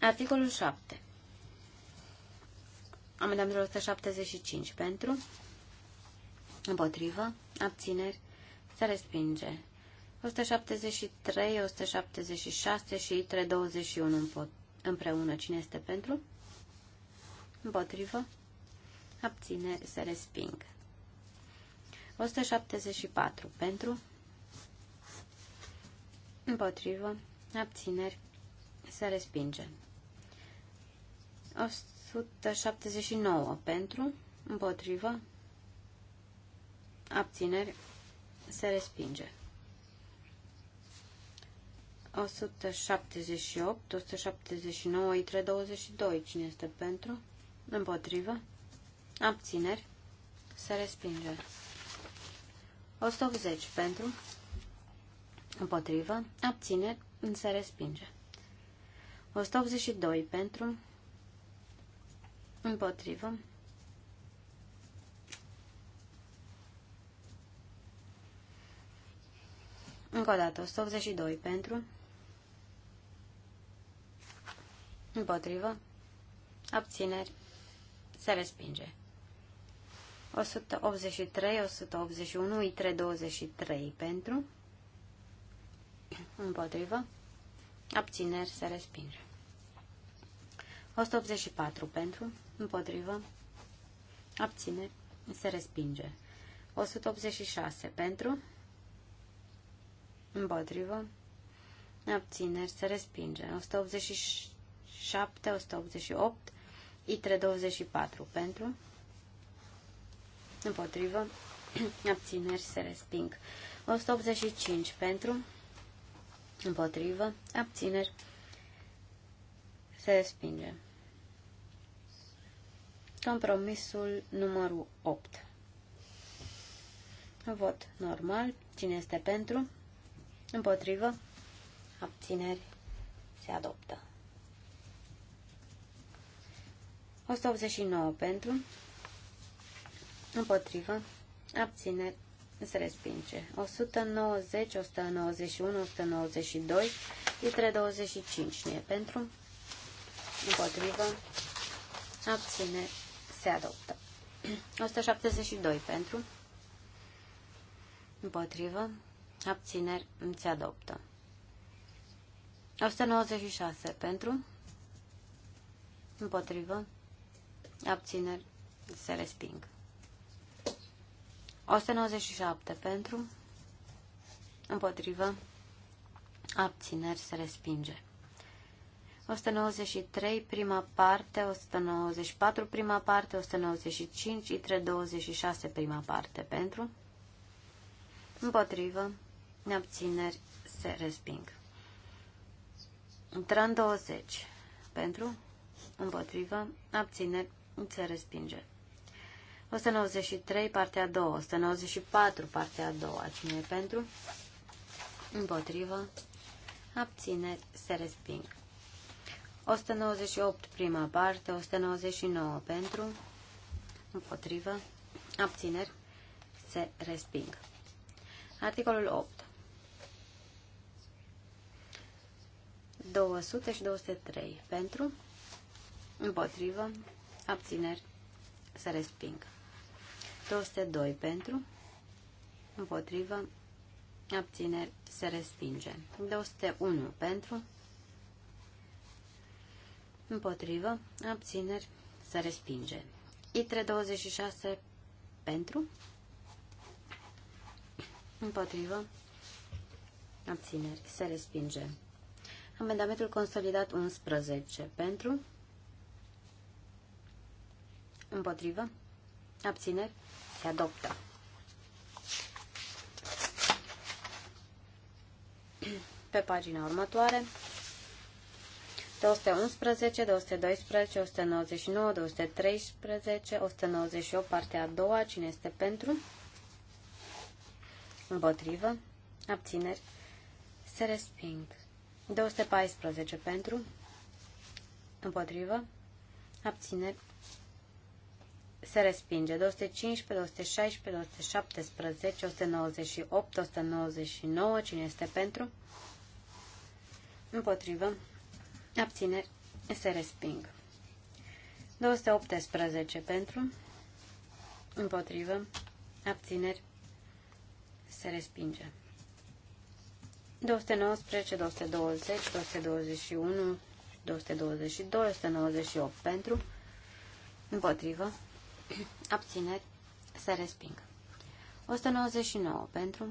Articolul 7. Amendamentul 175 pentru, împotrivă, abțineri, se respinge. 173, 176 și 321 împreună. Cine este pentru? Împotrivă, abțineri, se resping. 174 pentru, împotrivă, abțineri, se respinge. 179 pentru, împotrivă, abțineri, se respinge. 178, 179, între 22. Cine este pentru? Împotrivă. Abțineri. Se respinge. 180 pentru. Împotrivă. Abțineri. Se respinge. 182 pentru. Împotrivă. Încă o dată. 182 pentru. Împotrivă. Abțineri. Se respinge. 183, 181, I323 pentru împotrivă, abțineri se respinge. 184 pentru, împotrivă, abțineri se respinge. 186 pentru, împotrivă, abțineri se respinge. 187, 188, ITRE 24 pentru, împotrivă, [clears throat] abțineri se resping. 185 pentru, împotrivă, abțineri, se respinge. Compromisul numărul 8. Vot normal. Cine este pentru? Împotrivă? Abțineri? Se adoptă. 189 pentru, împotrivă, abțineri, se respinge. 190, 191, 192, litre 25. Nu e pentru. Împotrivă. Abține. Se adoptă. 172 pentru. Împotrivă. Abțineri. Se adoptă. 196 pentru. Împotrivă. Abțineri. Se respingă. 197 pentru, împotrivă, abțineri se respinge. 193 prima parte, 194 prima parte, 195 și 326 prima parte pentru, împotrivă, abțineri se resping. Tran 20 pentru, împotrivă, abțineri se respinge. 193, partea a doua, 194, partea a doua, cine e pentru, împotrivă, abțineri, se resping. 198, prima parte, 199 pentru, împotrivă, abțineri, se resping. Articolul 8. 200 și 203 pentru, împotrivă, abțineri, se resping. 202 pentru, împotrivă, abțineri, se respinge. 201 pentru, împotrivă, abțineri, se respinge. ITRE 26 pentru, împotrivă, abțineri, se respinge. Amendamentul consolidat 11 pentru, împotrivă, abțineri, se adoptă. Pe pagina următoare, 211, 212, 199, 213, 198, partea a doua, cine este pentru? Împotrivă, abțineri, se resping. 214 pentru, împotrivă, abțineri, se respinge 215, 216, 217, 198, 199, cine este pentru, împotrivă, abțineri, se resping. 218 pentru, împotrivă, abțineri, se respinge. 219, 220, 221, 222, 198 pentru, împotrivă, abțineri, se resping. 199 pentru,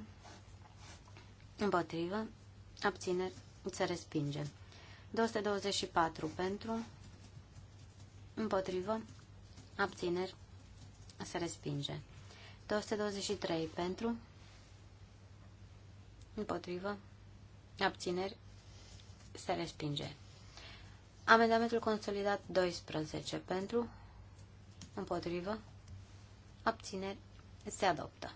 împotrivă, abțineri, se respinge. 224 pentru, împotrivă, abțineri, se respinge. 223 pentru, împotrivă, abțineri, se respinge. Amendamentul consolidat 12 pentru, împotrivă, abțineri, se adoptă.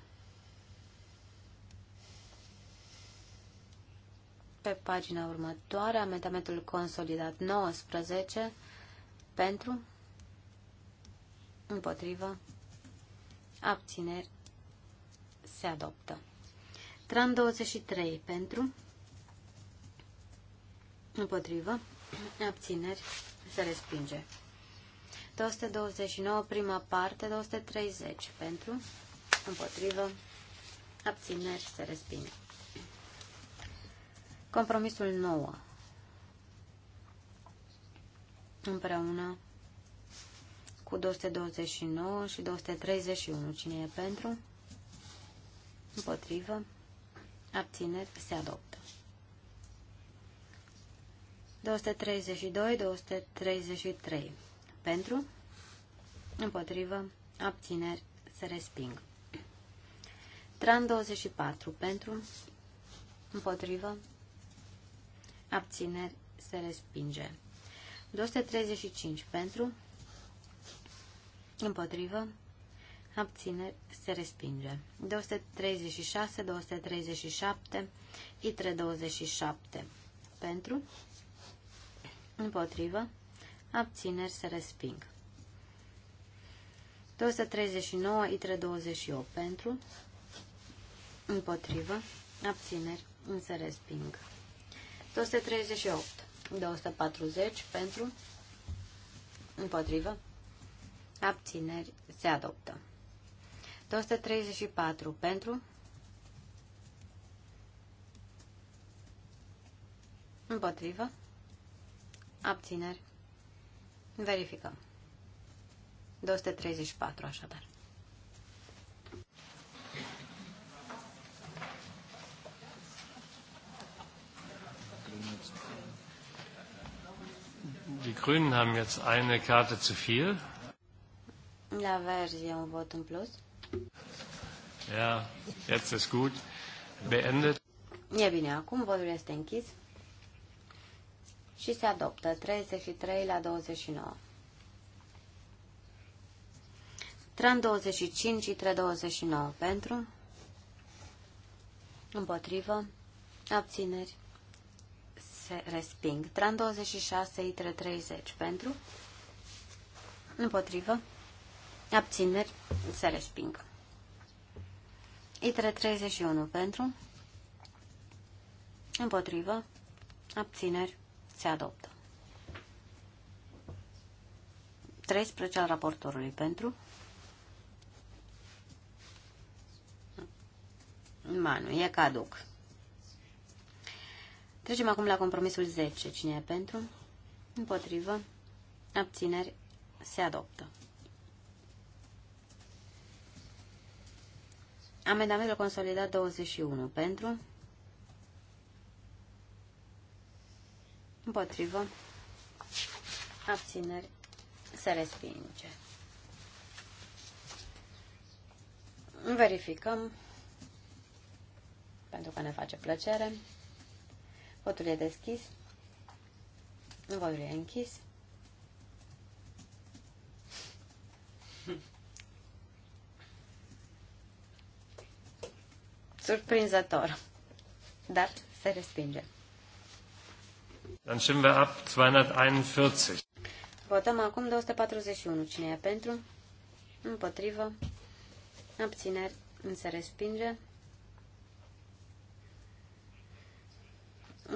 Pe pagina următoare, amendamentul consolidat 19 pentru, împotrivă, abțineri, se adoptă. Tran 23 pentru, împotrivă, abțineri, se respinge. 229, prima parte, 230 pentru, împotrivă, abțineri, se respinge. Compromisul 9. Împreună cu 229 și 231. Cine e pentru? Împotrivă. Abțineri. Se adoptă. 232, 233 pentru, împotrivă, abțineri, se resping. Tran 24 pentru, împotrivă, abțineri, se respinge. 235 pentru, împotrivă, abțineri, se respinge. 236, 237, ITRE 27 pentru, împotrivă, abțineri se resping. 239, ITRE 28 pentru, împotrivă, abțineri, se resping. 238, 240 pentru, împotrivă, abțineri, se adoptă. 234 pentru, împotrivă, abțineri, Verificăm. 234, așadar.
Die Grünen haben jetzt eine Karte zu viel.
La Verzi un vot în plus.
Ja, jetzt ist gut. Beendet.
E bine, acum votul este închis și se adoptă 33 la 29. Tran 25 și 329 pentru, împotrivă, abțineri, se resping. Tran 26 și 330 pentru, împotrivă, abțineri, se resping. ITRE 31 pentru, împotrivă, abțineri, se adoptă. 13 al raportorului pentru. Manu, e caduc. Trecem acum la compromisul 10. Cine e pentru? Împotrivă. Abțineri. Se adoptă. Amendamentul consolidat 21 pentru. Împotrivă. Abțineri. Se respinge. Verificăm. Pentru că ne face plăcere. Votul e deschis. Votul e închis. Surprinzător. Dar se respinge.
Dann stimmen wir ab 241.
Votăm acum 241. Cine e pentru? Împotrivă. Abțineri. Se respinge.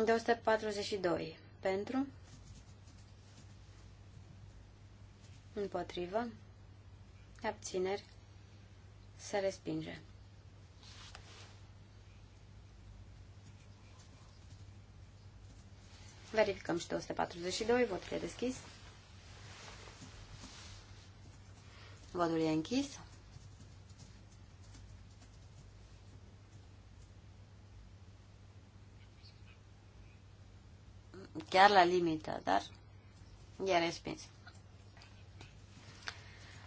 242. Pentru. Împotrivă. Abțineri. Se respinge. Verificăm și 242, votul e deschis. Votul e închis. Chiar la limită, dar e respins.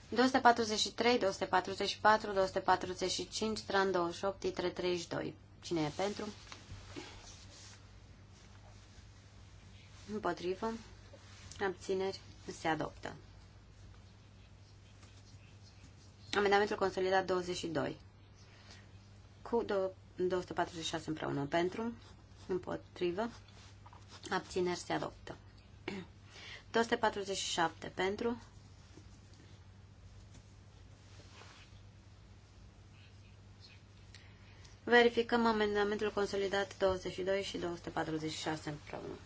243, 244, 245, tran 28, titre 32. Cine e pentru? Împotrivă. Abțineri. Se adoptă. Amendamentul consolidat 22. Cu 246 împreună. Pentru. Împotrivă. Abțineri. Se adoptă. 247 [clears throat] pentru. Verificăm amendamentul consolidat 22 și 246
împreună.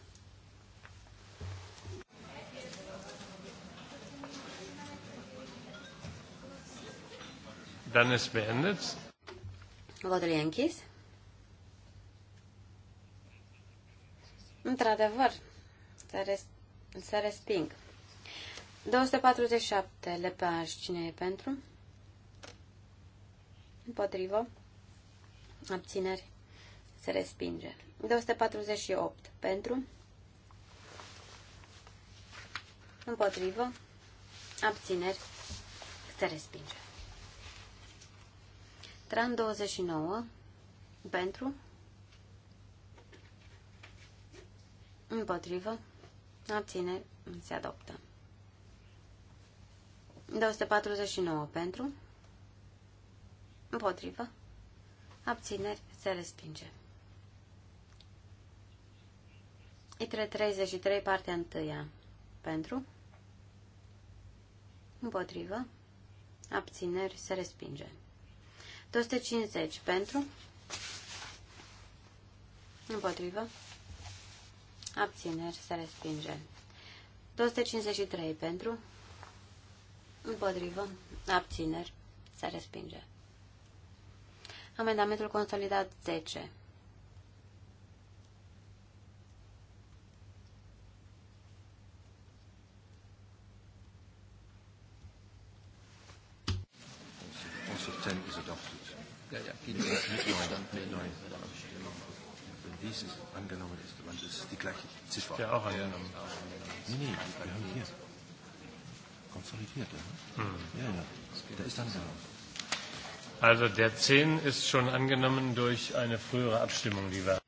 Dann ist beendet.
Votul e închis. Într-adevăr, se, res se resping. 247 LPH, Cine e pentru? Împotrivă. Abțineri. Se respinge. 248 pentru. Împotrivă. Abțineri. Se respinge. Tran 29 pentru împotrivă abține se adoptă. 249 pentru împotrivă abțineri se respinge. Itre 33 partea 1 pentru împotrivă abțineri se respinge. 250 pentru, împotrivă, abțineri, se respinge. 253 pentru, împotrivă, abțineri, se respinge. Amendamentul consolidat 10
Ja, ja, angenommen, ist, ist die gleiche. ja auch angenommen. Ähm, nee, nee, wir haben hier. Konsolidiert, ja. Hm. Ja, ja. Der da ist angenommen. Also der 10 ist schon angenommen durch eine frühere Abstimmung, die wir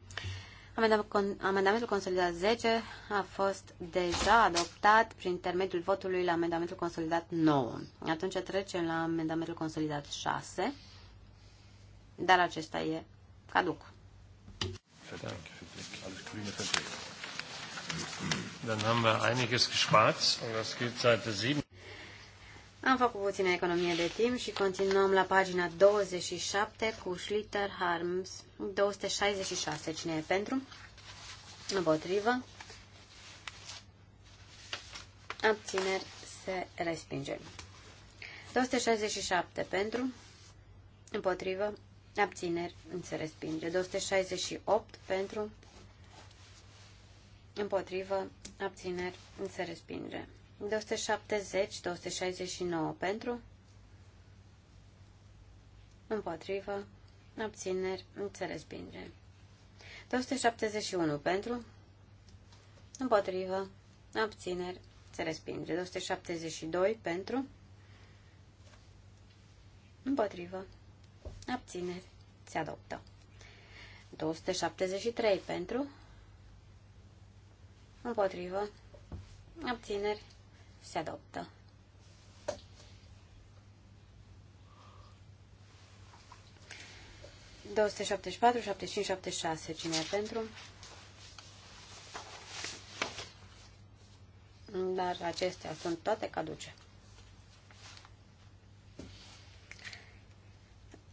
Amendamentul consolidat 10 a fost deja adoptat prin intermediul votului la amendamentul consolidat 9. Atunci trecem la amendamentul consolidat 6 dar acesta e caduc. Am făcut puțină economie de timp și continuăm la pagina 27 cu Schlitter Harms 266. Cine e pentru? Împotrivă. Abțineri se respinge. 267 pentru. Împotrivă. Abțineri. Se respinge. 268 pentru. Împotrivă. Abțineri. Se respinge. 270, 269 pentru. Împotrivă. Abțineri. Se respinge. 271 pentru. Împotrivă. Abțineri. Se respinge. 272 pentru. Împotrivă abțineri, se adoptă. 273 pentru, împotrivă, abțineri, se adoptă. 274, șaptezeci patru, șapte șase. Cine e pentru? Dar acestea sunt toate caduce.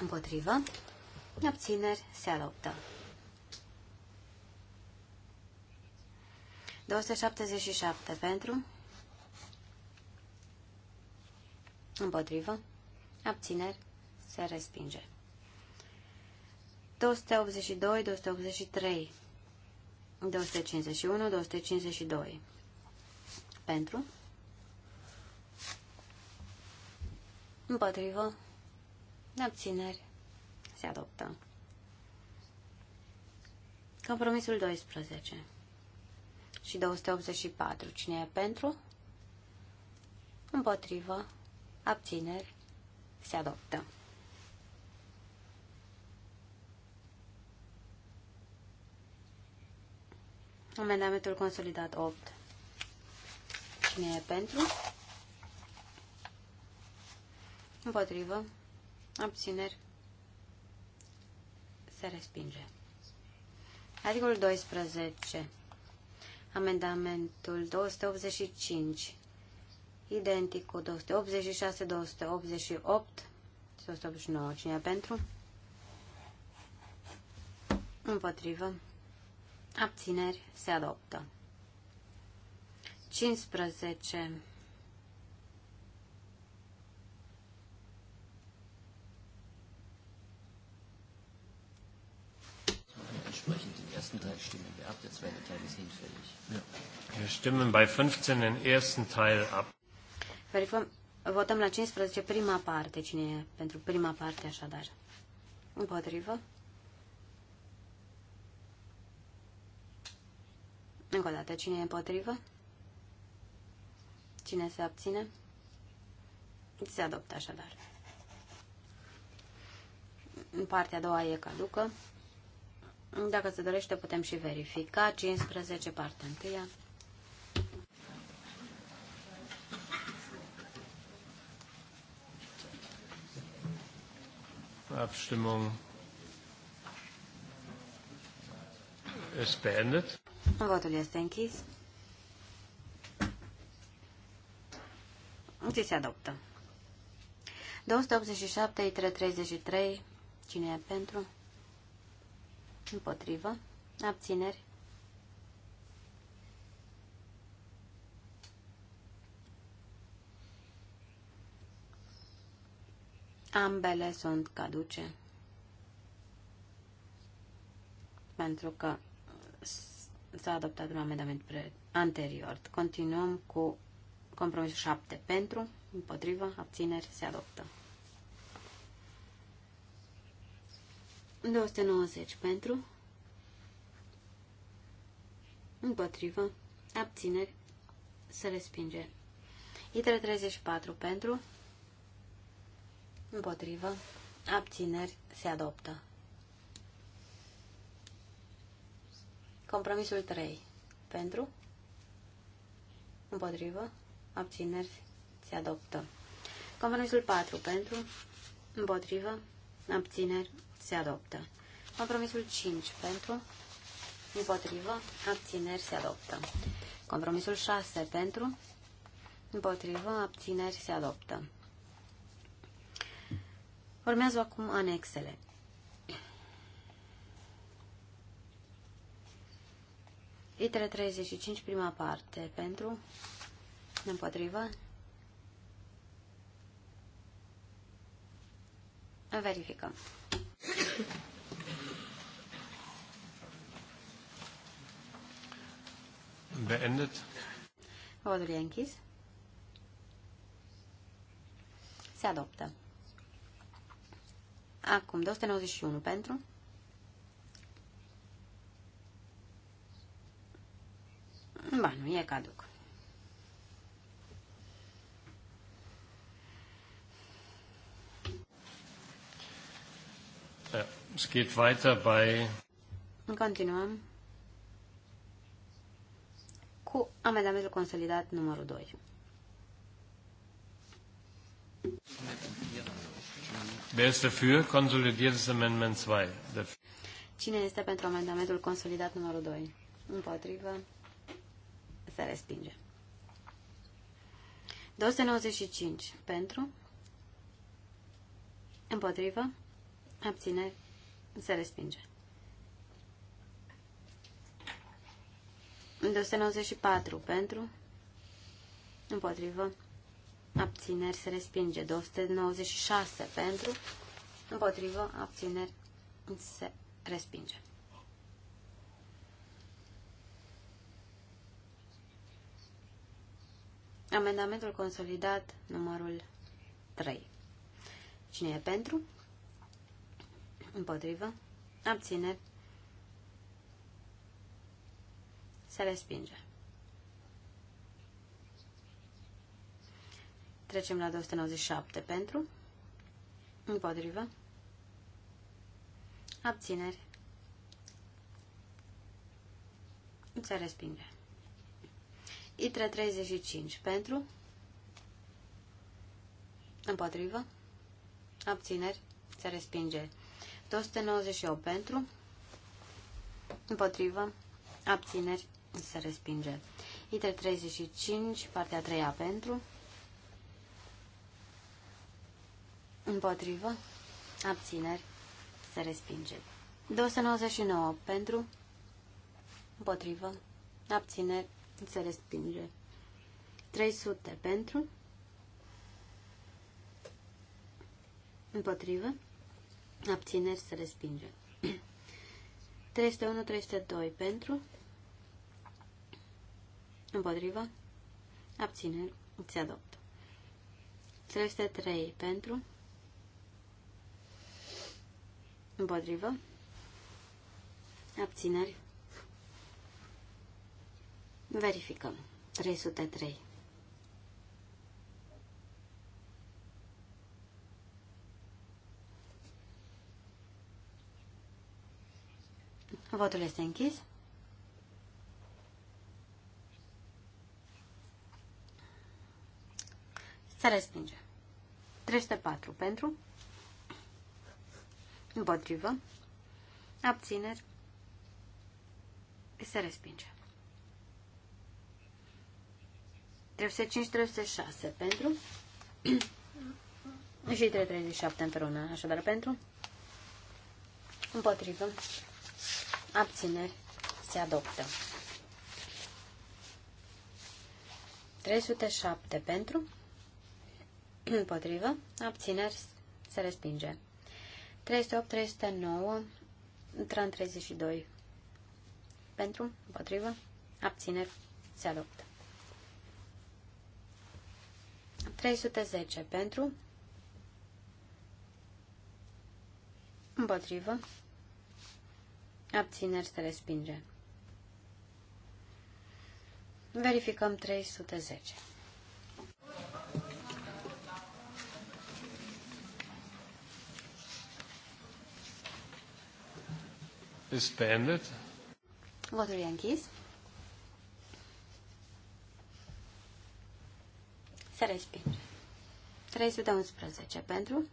Împotrivă. obțineri Se adoptă. 277 pentru. Împotrivă. Abțineri. Se respinge. 282, 283, 251, 252. Pentru. Împotrivă. Abțineri. Se adoptă. Compromisul 12 și 284. Cine e pentru? Împotrivă. Abțineri. Se adoptă. Amendamentul consolidat 8. Cine e pentru? Împotrivă abțineri, se respinge. Articolul 12. Amendamentul 285, identic cu 286, 288, 289. Cine pentru? Împotrivă. Abțineri se adoptă. 15.
ersten drei stimmen wir ab, der zweite Teil ist hinfällig. Ja. Wir stimmen bei 15 den ersten Teil ab.
votăm la 15 prima parte. Cine e pentru prima parte, așadar? Împotrivă? Încă o dată, cine e împotrivă? Cine se abține? Se adoptă așadar. În partea a doua e caducă. Dacă se dorește, putem și verifica. 15, partea întâia.
Abstimmung ist beendet.
Votul este închis. Ți se adoptă. 287, 33, Cine e pentru? Împotrivă. Abțineri. Ambele sunt caduce. Pentru că s-a adoptat un amendament anterior. Continuăm cu compromisul 7 pentru, împotrivă, abțineri, se adoptă. 290 pentru, împotrivă, abțineri, se respinge. Itre 34 pentru, împotrivă, abțineri, se adoptă. Compromisul 3 pentru, împotrivă, abțineri, se adoptă. Compromisul 4 pentru, împotrivă, abțineri, se adoptă. Compromisul 5 pentru, împotrivă, abțineri, se adoptă. Compromisul 6 pentru, împotrivă, abțineri, se adoptă. Urmează acum anexele. Litere 35, prima parte, pentru, împotrivă, verificăm. Beendet. Votul e închis. Se adoptă. Acum, 291 pentru. 291 pentru. Ba, nu e caduc.
Es geht weiter bei...
Continuăm cu amendamentul consolidat numărul 2.
Wer ist dafür? Konsolidiertes Amendment 2.
Cine este pentru amendamentul consolidat numărul 2? Împotrivă. Se respinge. 295. Pentru. Împotrivă abțineri, se respinge. 294 pentru, împotrivă, abțineri, se respinge. 296 pentru, împotrivă, abțineri, se respinge. Amendamentul consolidat numărul 3. Cine e pentru? împotrivă, abțineri, se respinge. Trecem la 297 pentru, împotrivă, abțineri, se respinge. ITRE 35 pentru, împotrivă, abțineri, se respinge. 298 pentru, împotrivă, abțineri, se respinge. ITRE 35, partea a treia pentru, împotrivă, abțineri, se respinge. 299 pentru, împotrivă, abțineri, se respinge. 300 pentru, împotrivă, abțineri să respinge. 301-302 [clears throat] pentru, împotriva, abțineri Îți adopt. 303 pentru, împotrivă, abțineri, verificăm. 303 Votul este închis. Se respinge. 304 pentru. Împotrivă. Abțineri. Se respinge. 305-306 pentru. [clears throat] și 337 împreună. Așadar pentru. Împotrivă abțineri, se adoptă. 307 pentru, [clears throat] împotrivă, abțineri, se respinge. 308, 309, tran 32 pentru, împotrivă, abțineri, se adoptă. 310 pentru, împotrivă, Abțineri se respinge. Verificăm 310. Is Votul e închis. Se respinge. 311 pentru.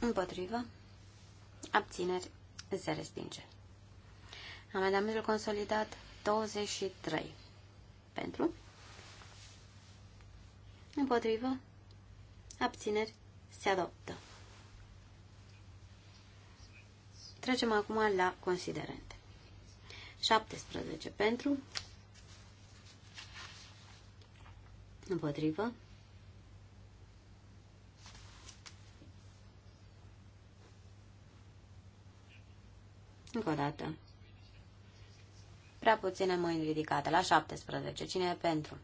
Împotrivă abțineri, se respinge. Amendamentul consolidat 23. Pentru? Împotrivă? Abțineri? Se adoptă. Trecem acum la considerente. 17 pentru, împotrivă, Încă o dată. Prea puține mâini ridicate. La 17. Cine e pentru?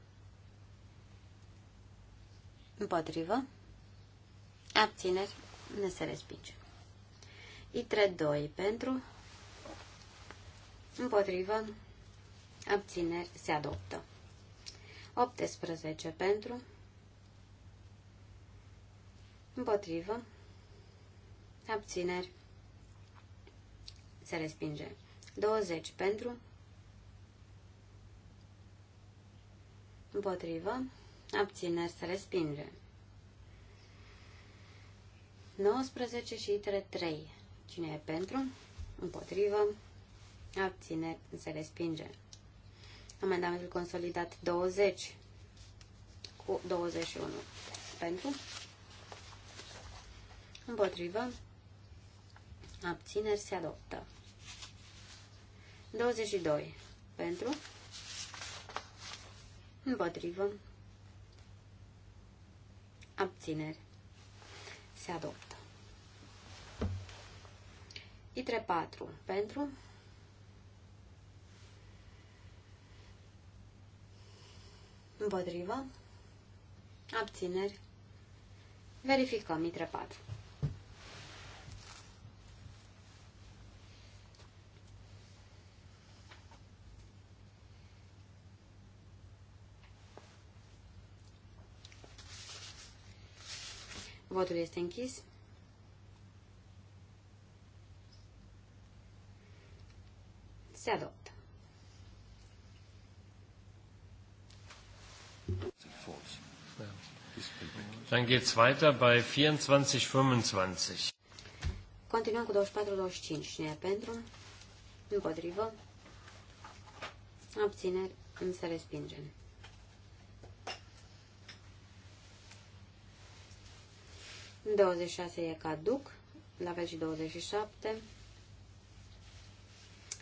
Împotrivă. Abțineri. Ne se respinge. ITRE 2 pentru. Împotrivă. Abțineri. Se adoptă. 18 pentru. Împotrivă. Abțineri se respinge. 20 pentru, împotrivă, abțineri, se respinge. 19 și 3. Cine e pentru? Împotrivă. Abțineri. Se respinge. Amendamentul consolidat 20 cu 21. Pentru? Împotrivă. Abțineri se adoptă. 22. Pentru. Împotrivă. Abțineri. Se adoptă. ITRE 4. Pentru. Împotrivă. Abțineri. Verificăm ITRE 4. Votul este închis. Se adoptă.
Dann geht's weiter bei 24, 25.
Continuăm cu 24-25. pentru? Împotrivă? Abțineri? Îmi se respingem. 26 e caduc, la fel și 27.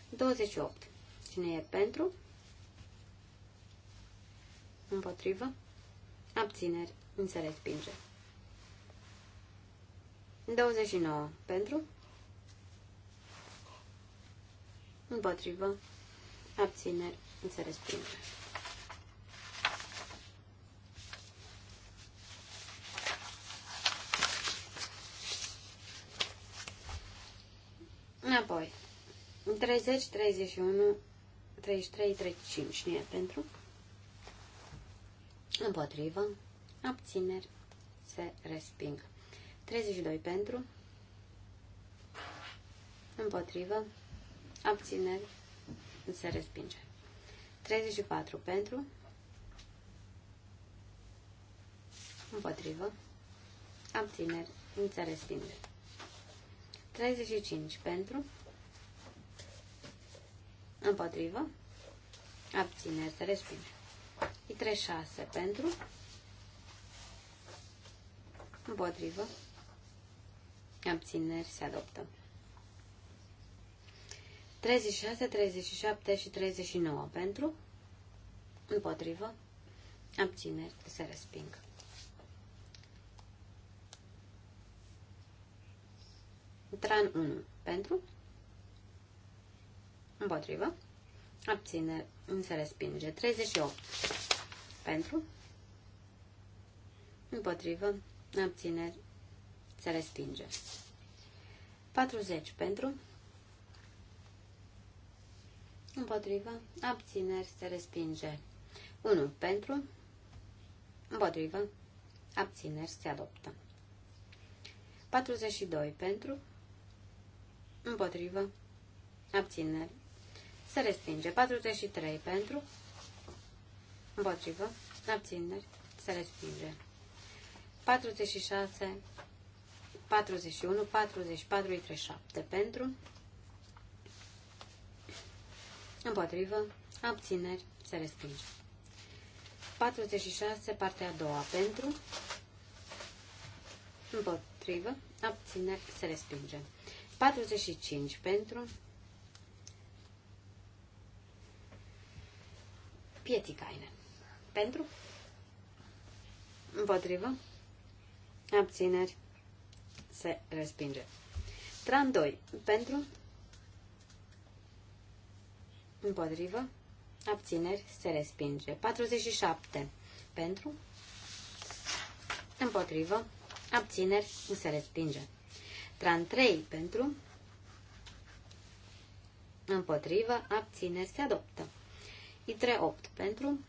28. Cine e pentru? Împotrivă? Abțineri. Se respinge. 29. Pentru? Împotrivă. Abțineri. Se respinge. Apoi, 30, 31, 33, 35. nu e pentru? Împotrivă. Abțineri. Se resping. 32 pentru. Împotrivă. Abțineri. Se respinge. 34 pentru. Împotrivă. Abțineri. Se respinge. 35 pentru, împotrivă, abțineri, se respinge. I36 pentru, împotrivă, abțineri, se adoptă. 36, 37 și 39 pentru, împotrivă, abțineri, se respingă. Tran 1 pentru, împotrivă, abține, se respinge. 38 pentru, împotrivă, Abține. se respinge. 40 pentru, împotrivă, abțineri, se respinge. 1 pentru, împotrivă, abțineri, se adoptă. 42 pentru, împotrivă, abțineri, se respinge. 43 pentru, împotrivă, abțineri, se respinge. 46, 41, 44, 37 pentru, împotrivă, abțineri, se respinge. 46, partea a doua, pentru, împotrivă, abțineri, se respinge. 45 pentru Pieticainen. Pentru? Împotrivă. Abțineri. Se respinge. Tran 2. Pentru? Împotrivă. Abțineri. Se respinge. 47. Pentru? Împotrivă. Abțineri. Se respinge. Tran 3 pentru, împotrivă, abține, se adoptă. I3 8 pentru,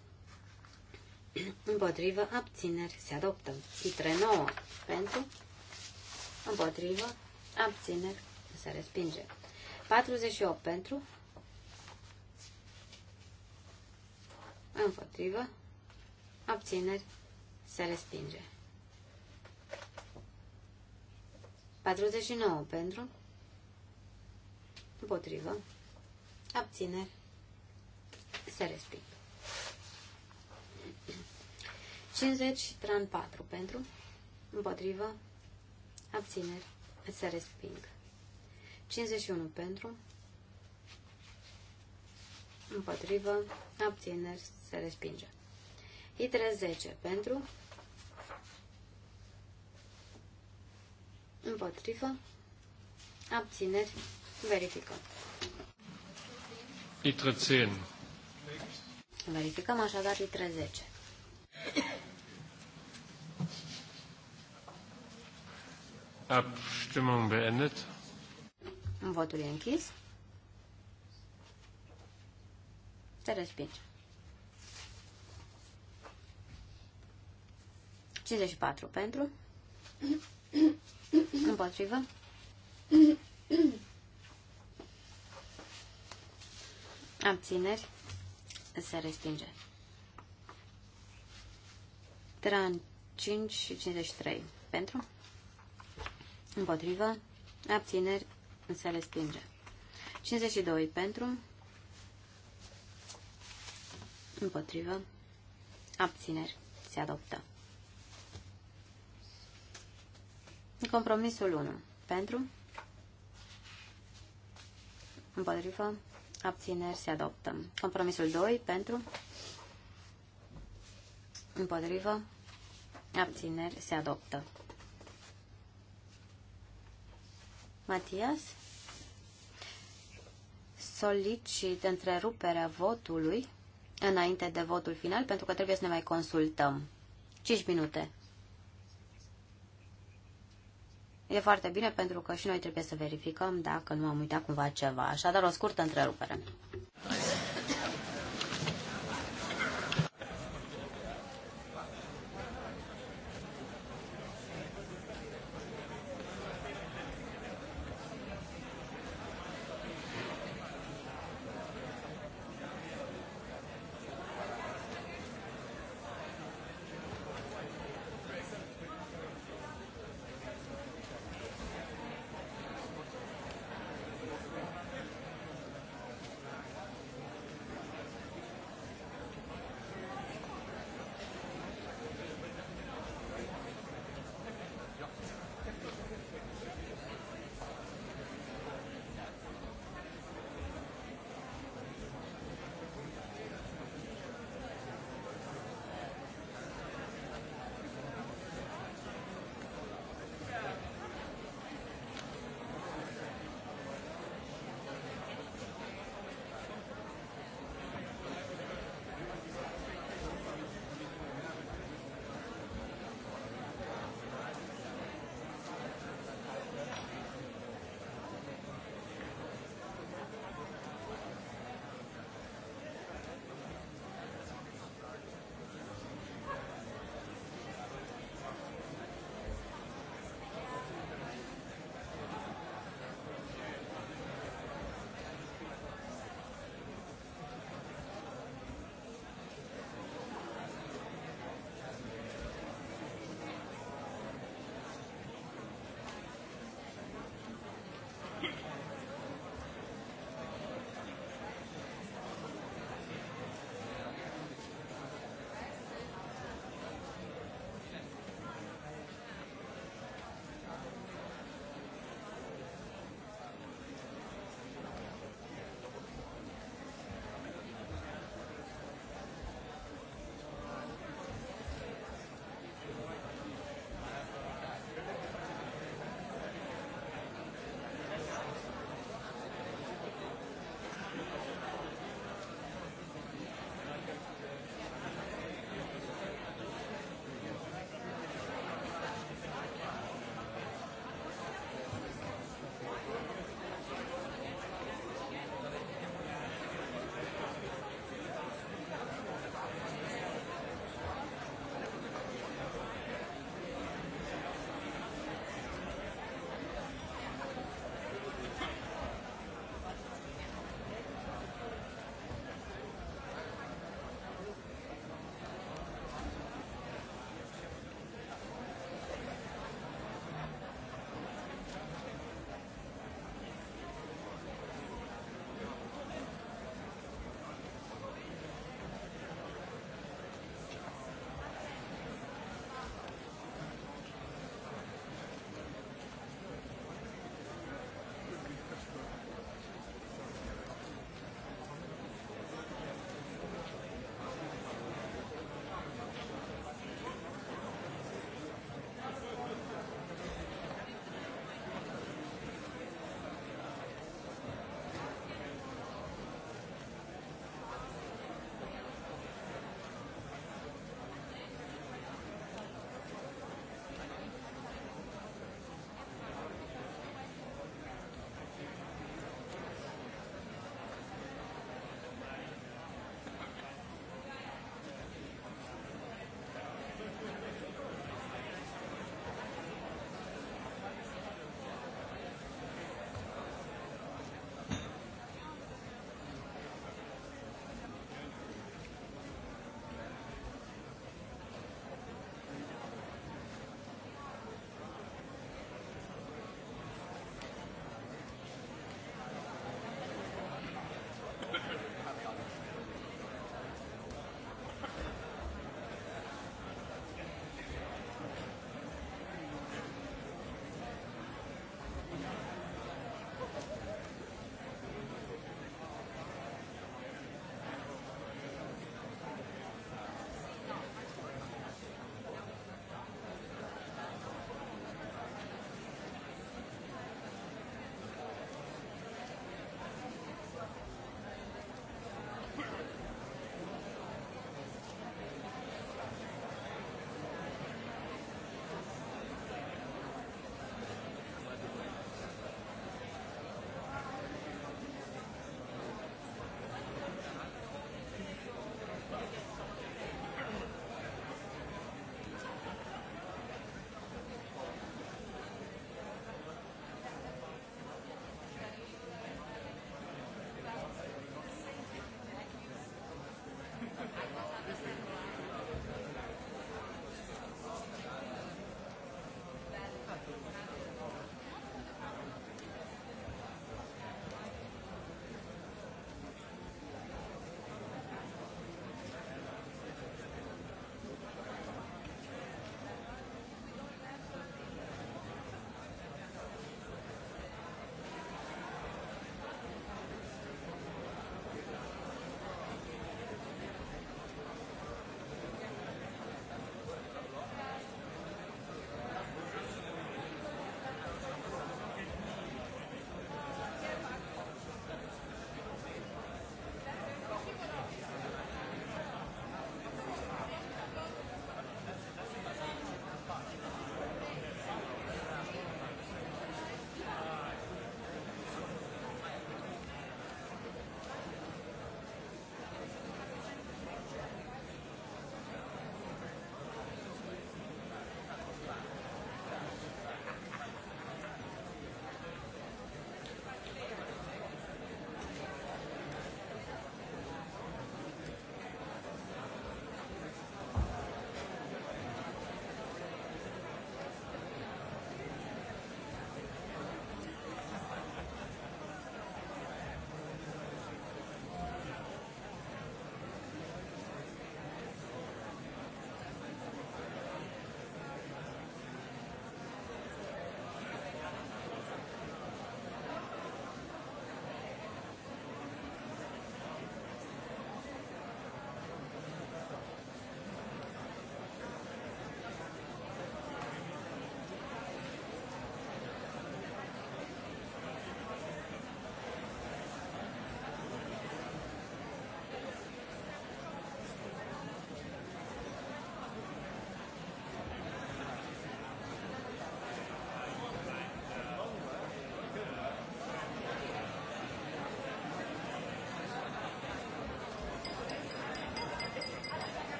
împotrivă, abțineri, se adoptă. I3 9 pentru, împotrivă, abțineri, se respinge. 48 pentru, împotrivă, abțineri, se respinge. 49 pentru, împotrivă, abțineri, se resping. 50 tran 4 pentru, împotrivă, abțineri, se resping. 51 pentru, împotrivă, abțineri, se respinge. i 10 pentru, împotrivă, abțineri, verificăm.
Litră 10.
Verificăm așadar litră 10.
Abstimmung beendet.
Votul e închis. Se respinge. 54 pentru. Împotrivă. Abțineri. Se respinge. Tran 5 și 53. Pentru? Împotrivă. Abțineri. Se respinge. 52. Pentru? Împotrivă. Abțineri. Se adoptă. Compromisul 1. Pentru? Împotrivă? Abțineri se adoptă. Compromisul 2. Pentru? Împotrivă? Abțineri se adoptă. Matias? Solicit întreruperea votului înainte de votul final pentru că trebuie să ne mai consultăm. 5 minute. E foarte bine pentru că și noi trebuie să verificăm dacă nu am uitat cumva ceva. Așadar, o scurtă întrerupere.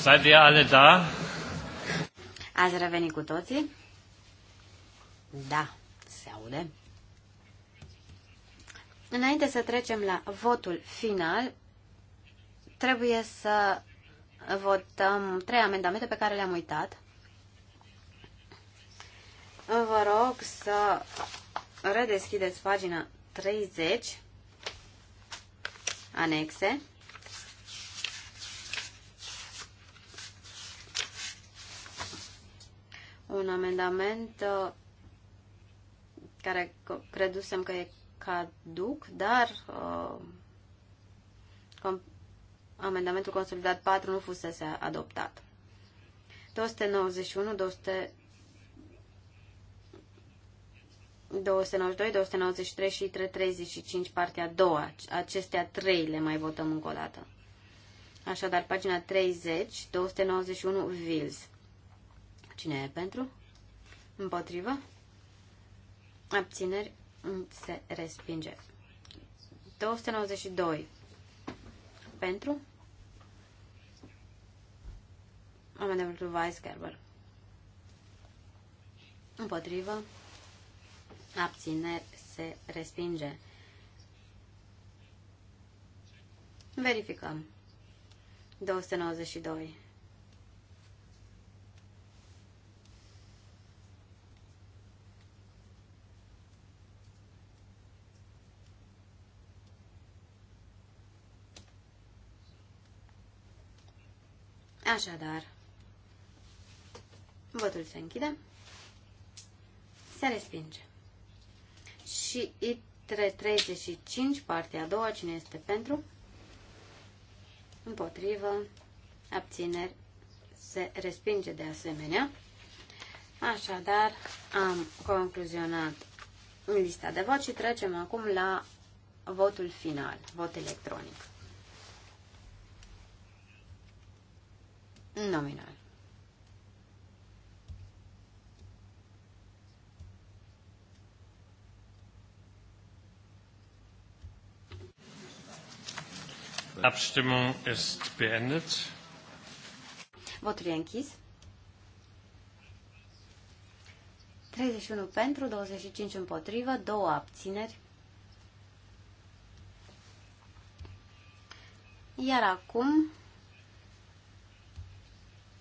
Seid ihr alle da?
Ați revenit cu toții? Da, se aude. Înainte să trecem la votul final, trebuie să votăm trei amendamente pe care le-am uitat. Vă rog să redeschideți pagina 30, anexe. un amendament uh, care credusem că e caduc, dar uh, amendamentul consolidat 4 nu fusese adoptat. 291, 200, 292, 293 și 335, partea a doua. Acestea trei le mai votăm încă o dată. Așadar, pagina 30, 291, Vils. Cine e pentru? Împotrivă? Abțineri se respinge. 292. Pentru? Amendamentul Weisgerber. Împotrivă? Abțineri se respinge. Verificăm. 292. Așadar, votul se închide, se respinge. Și ITRE 35, partea a doua, cine este pentru? Împotrivă, abțineri, se respinge de asemenea. Așadar, am concluzionat lista de vot și trecem acum la votul final, vot electronic. nominal.
Abstimmung ist beendet.
Votul e închis. 31 pentru, 25 împotrivă, 2 abțineri. Iar acum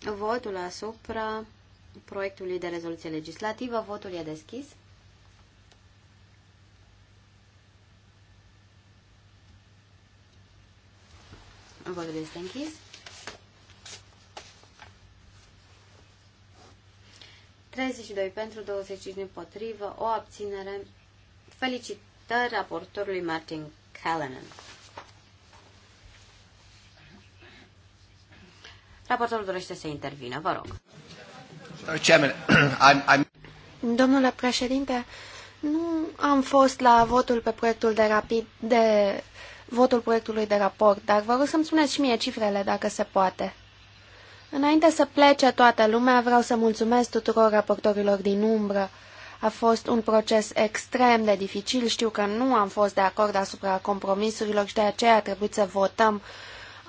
votul asupra proiectului de rezoluție legislativă. Votul e deschis. Votul este închis. 32 pentru, 25 împotrivă, o abținere. Felicitări raportorului Martin Callanan. Raportorul dorește să intervină, vă rog.
[clears throat] Domnule președinte, nu am fost la votul pe proiectul de rapid de votul proiectului de raport, dar vă rog să-mi spuneți și mie cifrele, dacă se poate. Înainte să plece toată lumea, vreau să mulțumesc tuturor raportorilor din umbră. A fost un proces extrem de dificil, știu că nu am fost de acord asupra compromisurilor și de aceea a trebuit să votăm uh,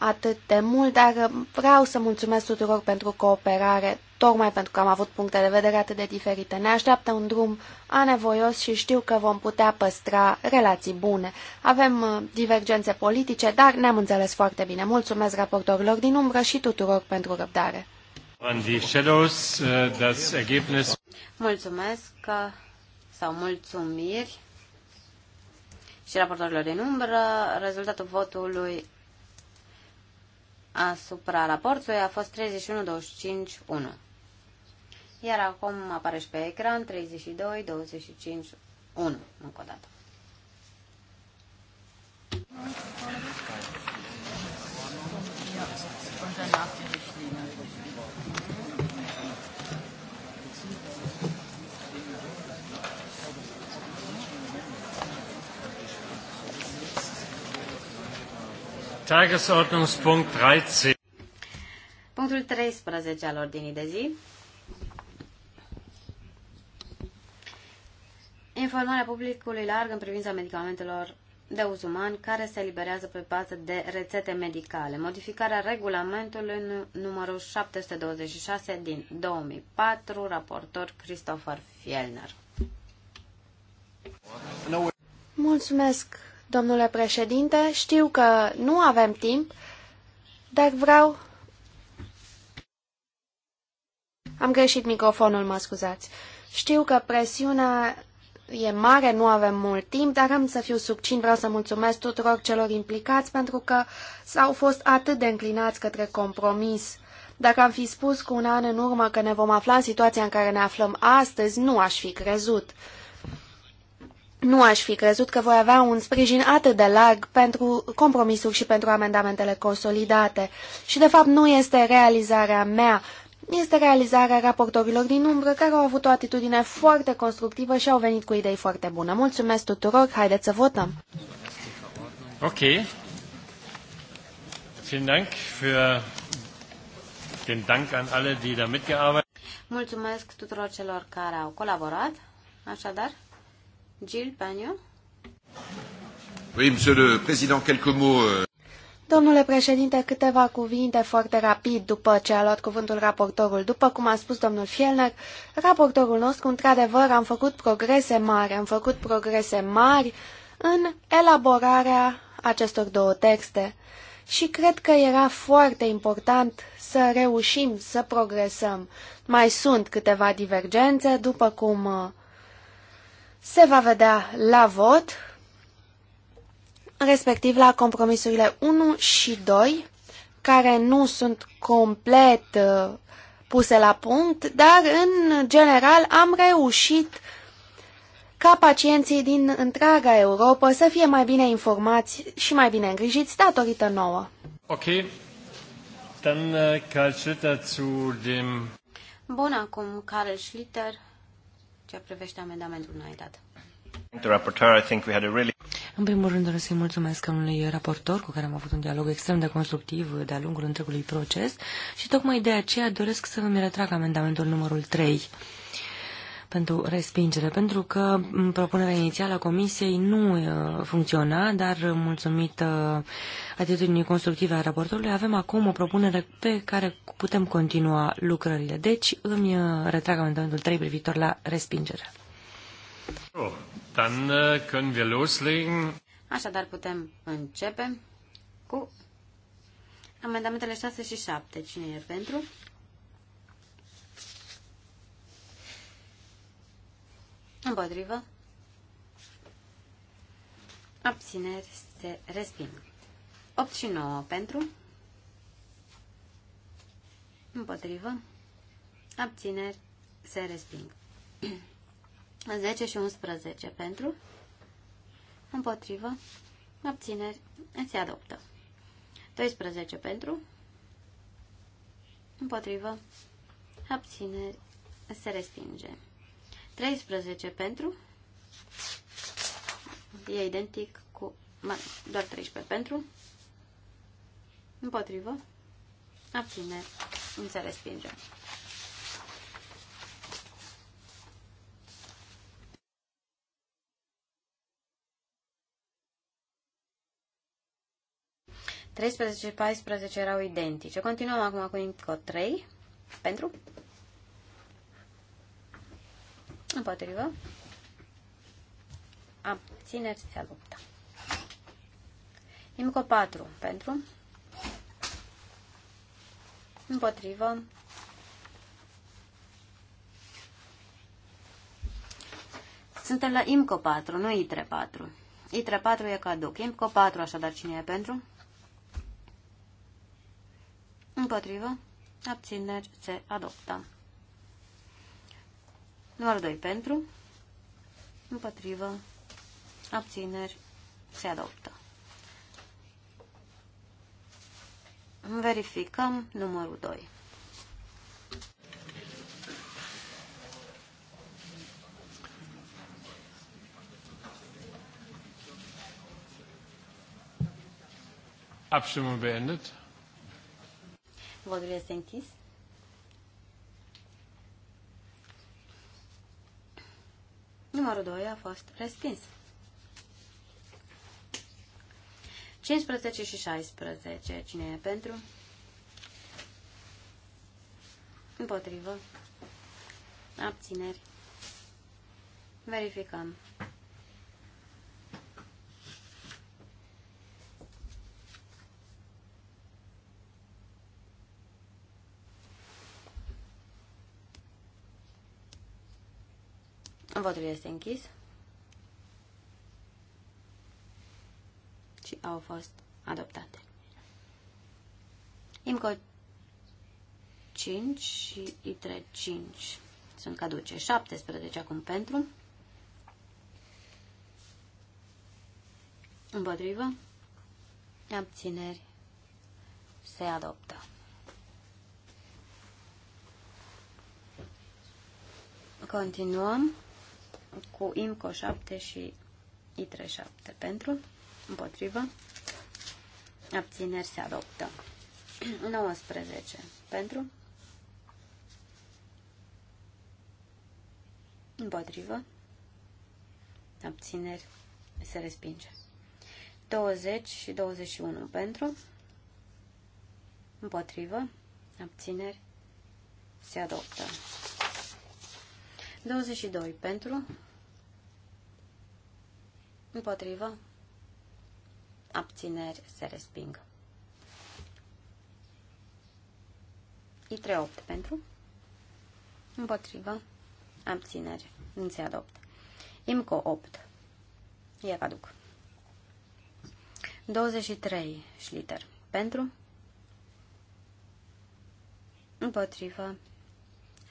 atât de mult, dar vreau să mulțumesc tuturor pentru cooperare, tocmai pentru că am avut puncte de vedere atât de diferite. Ne așteaptă un drum anevoios și știu că vom putea păstra relații bune. Avem uh, divergențe politice, dar ne-am înțeles foarte bine. Mulțumesc raportorilor din umbră și tuturor pentru răbdare.
Uh,
mulțumesc uh, sau mulțumiri și raportorilor din umbră. Rezultatul votului asupra raportului a fost 31-25-1. Iar acum apare și pe ecran 32-25-1 încă o dată. Und danach die
Tagesordnungspunkt 13.
Punctul 13 al ordinii de zi. Informarea publicului larg în privința medicamentelor de uz uman care se eliberează pe bază de rețete medicale. Modificarea regulamentului numărul 726 din 2004, raportor Christopher Fielner.
Mulțumesc, Domnule președinte, știu că nu avem timp, dar vreau... Am greșit microfonul, mă scuzați. Știu că presiunea e mare, nu avem mult timp, dar am să fiu succint, vreau să mulțumesc tuturor celor implicați pentru că s-au fost atât de înclinați către compromis. Dacă am fi spus cu un an în urmă că ne vom afla în situația în care ne aflăm astăzi, nu aș fi crezut. Nu aș fi crezut că voi avea un sprijin atât de larg pentru compromisuri și pentru amendamentele consolidate. Și de fapt nu este realizarea mea, este realizarea raportorilor din umbră care au avut o atitudine foarte constructivă și au venit cu idei foarte bune. Mulțumesc tuturor, haideți să votăm!
Ok. Vielen Dank für den Dank an alle, die da mitgearbeitet
Mulțumesc tuturor celor care au colaborat. Așadar, Euh.
Domnule președinte, câteva cuvinte foarte rapid după ce a luat cuvântul raportorul. După cum a spus domnul Fielner, raportorul nostru, într-adevăr, am făcut progrese mari, am făcut progrese mari în elaborarea acestor două texte și cred că era foarte important să reușim să progresăm. Mai sunt câteva divergențe, după cum uh, se va vedea la vot, respectiv la compromisurile 1 și 2, care nu sunt complet uh, puse la punct, dar în general am reușit ca pacienții din întreaga Europa să fie mai bine informați și mai bine îngrijiți datorită nouă.
Ok. Dann uh, Karl Schlitter zu dem...
Bun, acum Karl Schlitter ce privește amendamentul înaintat. În primul rând doresc să-i mulțumesc unui raportor cu care am avut un dialog extrem de constructiv de-a lungul întregului proces și tocmai de aceea doresc să îmi retrag amendamentul numărul 3 pentru respingere, pentru că propunerea inițială a Comisiei nu uh, funcționa, dar uh, mulțumită uh, atitudinii constructive a raportorului, avem acum o propunere pe care putem continua lucrările. Deci îmi retrag amendamentul 3 privitor la respingere.
Oh, dann können wir loslegen.
Așadar putem începe cu amendamentele 6 și 7. Cine e pentru? Împotrivă. Abțineri se resping. 8 și 9 pentru. Împotrivă. Abțineri se resping. 10 [clears throat] și 11 pentru. Împotrivă. Abțineri se adoptă. 12 pentru. Împotrivă. Abțineri se respinge. 13 pentru. E identic cu... Doar 13 pentru. Împotrivă. Abțineri. Nu se respinge. Treisprezece și paisprezece erau identice. Continuăm acum cu încă 3 pentru Împotrivă. Abțineri se Nimic o 4 pentru. Împotrivă. Suntem la IMCO 4, nu ITRE 4. ITRE 4 e caduc. IMCO 4, așadar, cine e pentru? Împotrivă. Abțineri se adoptă. Numărul 2 pentru, împotrivă, abțineri, se adoptă. Verificăm numărul 2.
Abstimmung beendet.
Votul este închis. Numărul 2 a fost respins. 15 și 16. Cine e pentru? Împotrivă. Abțineri. Verificăm. Votul este închis. Și au fost adoptate. IMCO 5 și ITRE 5 sunt caduce. 17 acum pentru. Împotrivă. Abțineri. Se adoptă. Continuăm cu IMCO 7 și ITRE 7 pentru, împotrivă, abțineri se adoptă. 19 [clears throat] pentru, împotrivă, abțineri se respinge. 20 și 21 pentru, împotrivă, abțineri se adoptă. 22 pentru, împotrivă, abțineri se resping. I38 pentru, împotrivă, abțineri, nu se adopt. IMCO 8, e caduc. 23 șliter pentru, împotrivă,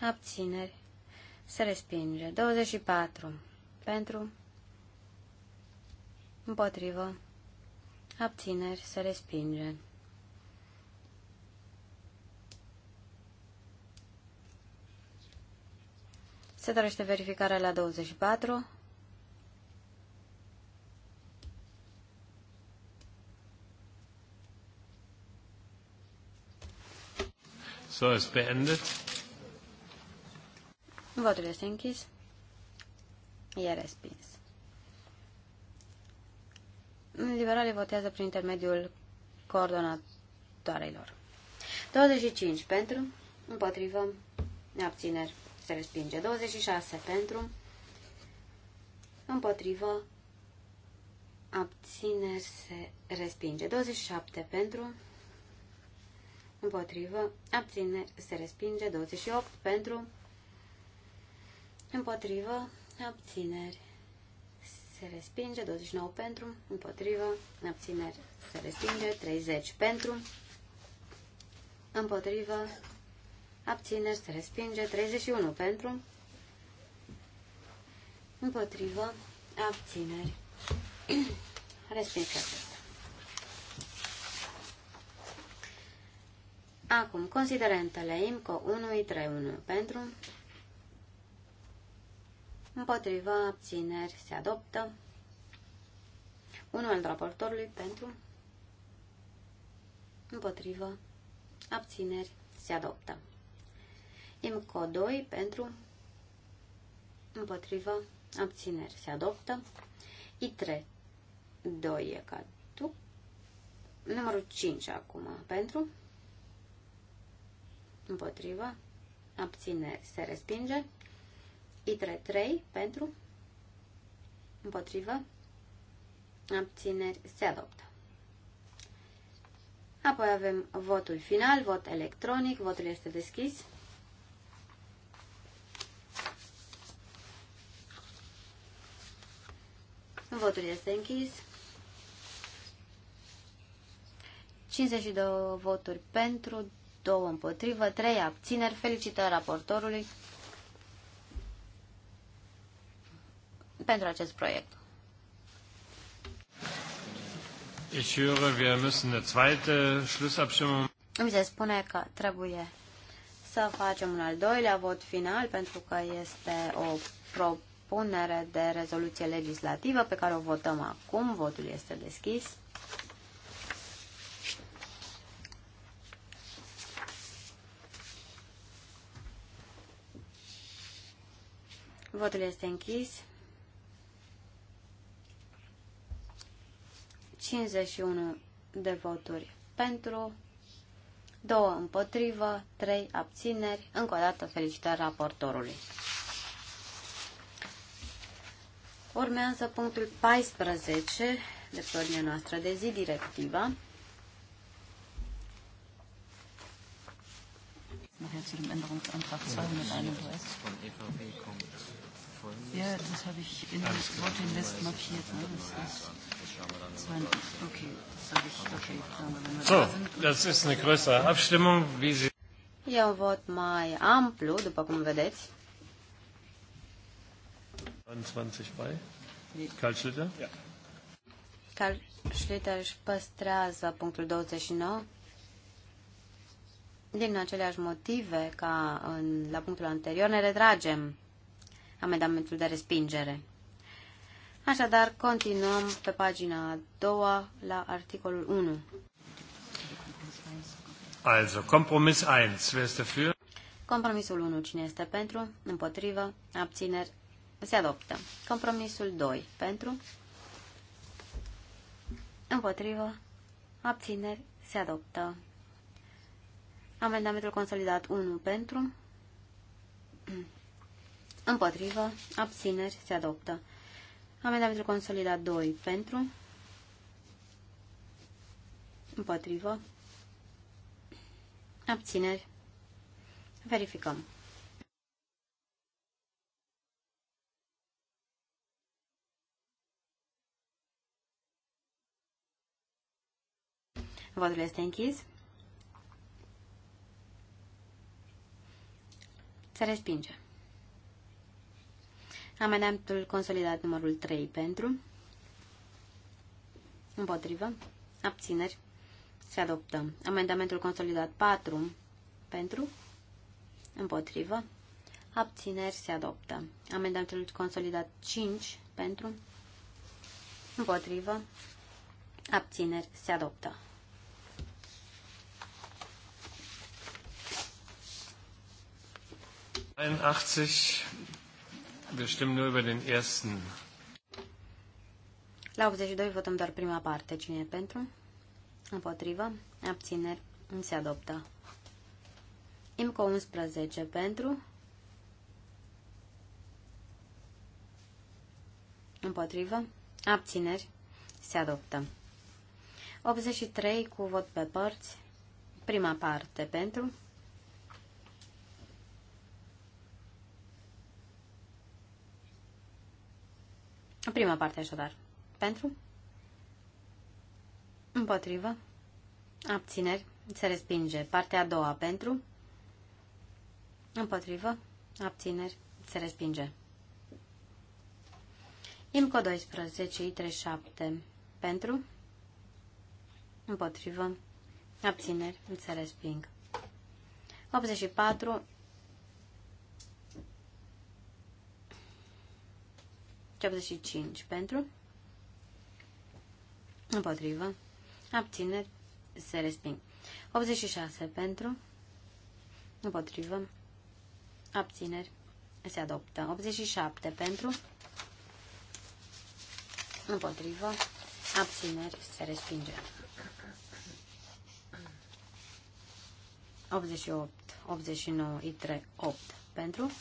abțineri, se respinge. 24. Pentru. Împotrivă. Abțineri. Se respinge. Se dorește verificarea la 24.
So ist beendet.
Votul este închis. E respins. Liberalii votează prin intermediul coordonatoarelor. 25 pentru, împotrivă, abțineri, se respinge. 26 pentru, împotrivă, abțineri, se respinge. 27 pentru, împotrivă, abțineri, se respinge. 28 pentru, împotrivă, abțineri, se respinge, 29 pentru, împotrivă, abțineri, se respinge, 30 pentru, împotrivă, abțineri, se respinge, 31 pentru, împotrivă, abțineri, [clears throat] respinge. Acum, considerentele IMCO 1 3 1 pentru, împotriva abțineri se adoptă. Unul al raportorului pentru împotriva abțineri se adoptă. IMCO 2 pentru împotriva abțineri se adoptă. I3 2 e ca tu. Numărul 5 acum pentru împotriva abțineri se respinge i 3 3 pentru, împotrivă, abțineri, se adoptă. Apoi avem votul final, vot electronic, votul este deschis. Votul este închis. 52 voturi pentru, 2 împotrivă, 3 abțineri. Felicitări raportorului. pentru acest proiect.
Ich höre, wir müssen eine zweite Schlussabstimmung.
Îmi se spune că trebuie să facem un al doilea vot final pentru că este o propunere de rezoluție legislativă pe care o votăm acum. Votul este deschis. Votul este închis. 51 de voturi pentru, 2 împotrivă, 3 abțineri. Încă o dată felicitări raportorului. Urmează punctul 14 de pe noastră de zi, directiva.
Ja, das habe ich in das Wort invest markiert. Ne? Das ist So, das ist eine größere Abstimmung, wie Sie
Ja, wird mal mai amplu, după cum vedeți.
21 bei. Karl Schlitter? Ja.
Karl Schlitter își păstrează punctul 29 din aceleași motive ca în, la punctul anterior. Ne retragem amendamentul de respingere. Așadar, continuăm pe pagina a doua la articolul 1.
Also, compromis 1. Wer ist dafür?
Compromisul 1. Cine este pentru? Împotrivă? Abțineri? Se adoptă. Compromisul 2. Pentru? Împotrivă? Abțineri? Se adoptă. Amendamentul consolidat 1 pentru.
[clears throat]
Împotrivă, abțineri, se adoptă pentru consolidat 2 pentru, împotrivă, abțineri, verificăm. Votul este închis. Se respinge. Amendamentul consolidat numărul 3 pentru. Împotrivă. Abțineri. Se adoptă. Amendamentul consolidat 4 pentru. Împotrivă. Abțineri se adoptă. Amendamentul consolidat 5 pentru. Împotrivă. Abțineri se adoptă.
Ein 80 Wir stimmen nur über den ersten.
La 82 votăm doar prima parte. Cine e pentru? Împotrivă? Abțineri? Nu se adoptă. IMCO 11 pentru? Împotrivă? Abțineri? Se adoptă. 83 cu vot pe părți. Prima parte pentru? Prima parte așadar. Pentru? Împotrivă. Abțineri. Se respinge. Partea a doua. Pentru? Împotrivă. Abțineri. Se respinge. IMCO 12, I37. Pentru? Împotrivă. Abțineri. Se resping. 84. 75 pentru, împotrivă, abțineri, se resping. 86 pentru, împotrivă, abțineri, se adoptă. 87 pentru, împotrivă, abțineri, se respinge. 88, 89, I3, 8 pentru,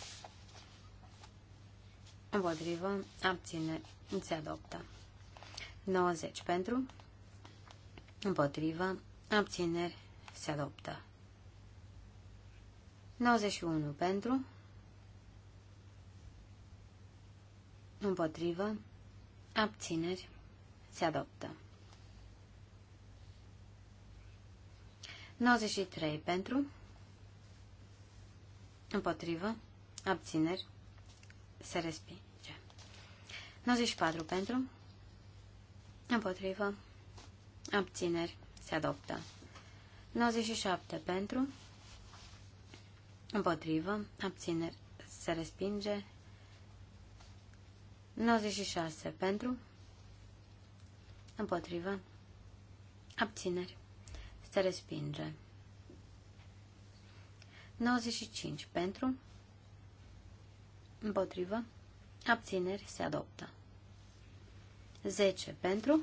Împotrivă. Abține. Se adoptă. 90 pentru. Împotrivă. Abțineri. Se adoptă. 91 pentru. Împotrivă. Abțineri. Se adoptă. 93 pentru. Împotrivă. Abțineri se respinge. 94 pentru, împotrivă, abțineri, se adoptă. 97 pentru, împotrivă, abțineri, se respinge. 96 pentru, împotrivă, abțineri, se respinge. 95 pentru, Împotrivă. Abțineri se adoptă. 10 pentru.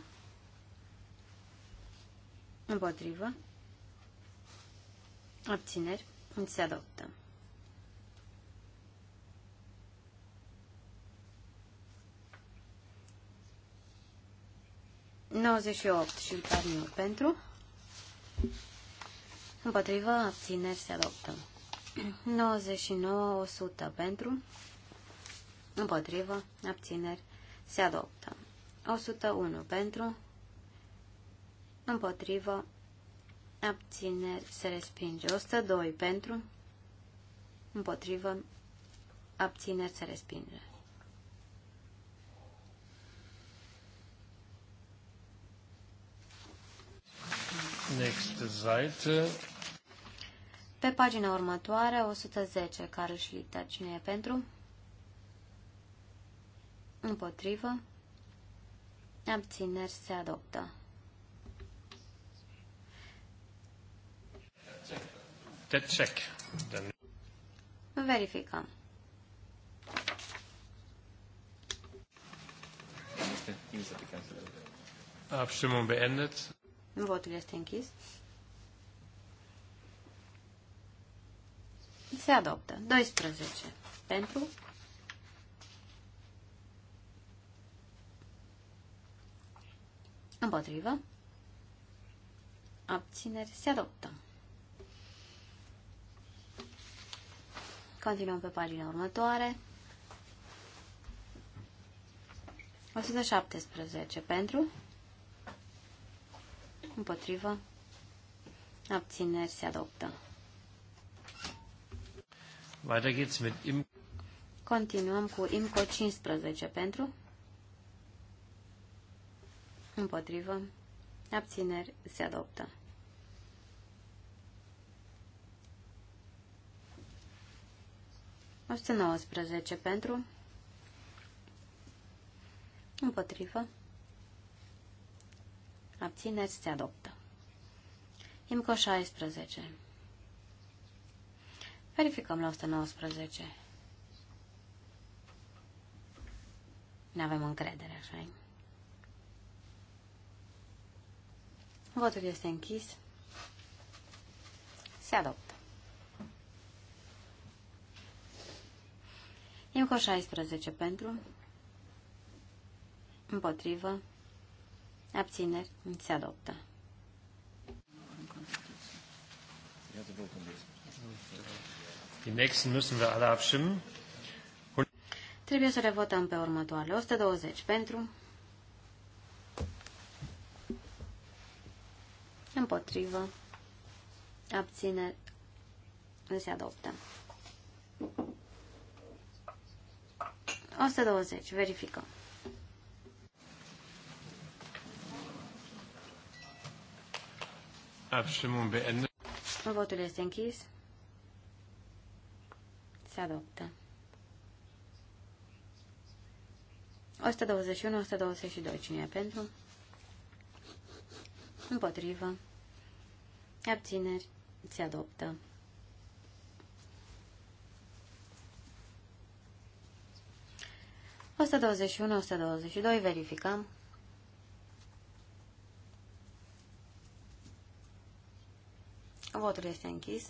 Împotrivă. Abțineri se adoptă. Nouăzeci și opt și Carniu pentru. Împotrivă, abțineri se adoptă. 99-100 [clears throat] pentru împotrivă, abțineri, se adoptă. 101 pentru, împotrivă, abțineri, se respinge. 102 pentru, împotrivă, abțineri, se respinge.
Next Seite.
Pe pagina următoare, 110, Carl Schlitter, cine e pentru? împotrivă, abțineri se adoptă. Check. Verificăm.
Abstimmung beendet.
Votul este închis. Se adoptă. 12. Pentru. Împotrivă. Abțineri se adoptă. Continuăm pe pagina următoare. 117 pentru. Împotrivă. Abțineri se adoptă.
Weiter geht's mit
Continuăm cu IMCO 15 pentru împotrivă, abțineri, se adoptă. Oste 19 pentru, împotrivă, abțineri, se adoptă. IMCO 16 Verificăm la 119. Ne avem încredere, așa -i? Votul este închis. Se adoptă. Imco 16 pentru. Împotrivă. Abțineri. Se adoptă.
nächsten müssen wir alle abstimmen.
Trebuie să le votăm pe următoarele. 120 pentru. Împotrivă. Abțineri. Se adoptă. 120. Verificăm. Votul este închis. Se adoptă. 121-122. Cine e pentru? Împotrivă abțineri, se adoptă. O să 21, 122, verificăm. Votul este închis.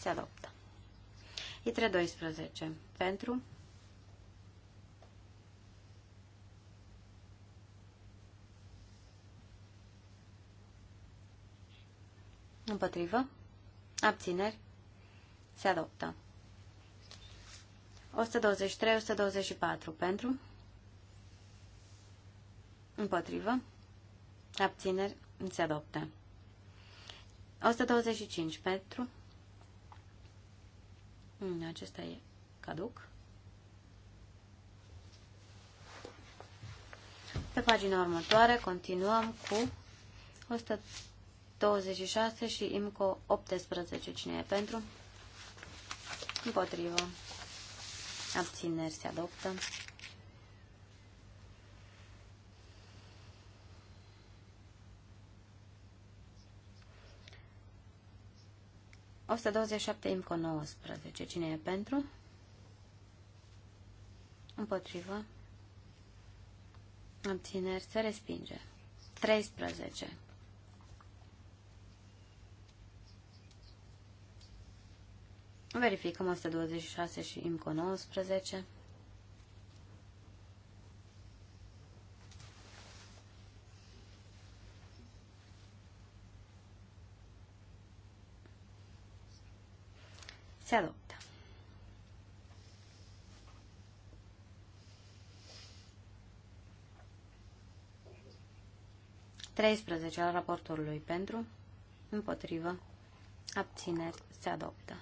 Se adoptă. I312. Pentru. Împotrivă. Abțineri. Se adoptă. 123-124 pentru. Împotrivă. Abțineri. Se adoptă. 125 pentru. Hmm, acesta e caduc. Pe pagina următoare continuăm cu 100 26 și IMCO 18. Cine e pentru? Împotrivă. Abțineri se adoptă. O 127 IMCO 19. Cine e pentru? Împotrivă. Abțineri se respinge. 13 Verificăm 126 și IMCO 19. Se adoptă. Treisprezece al raportorului pentru, împotrivă, abțineri, se adoptă.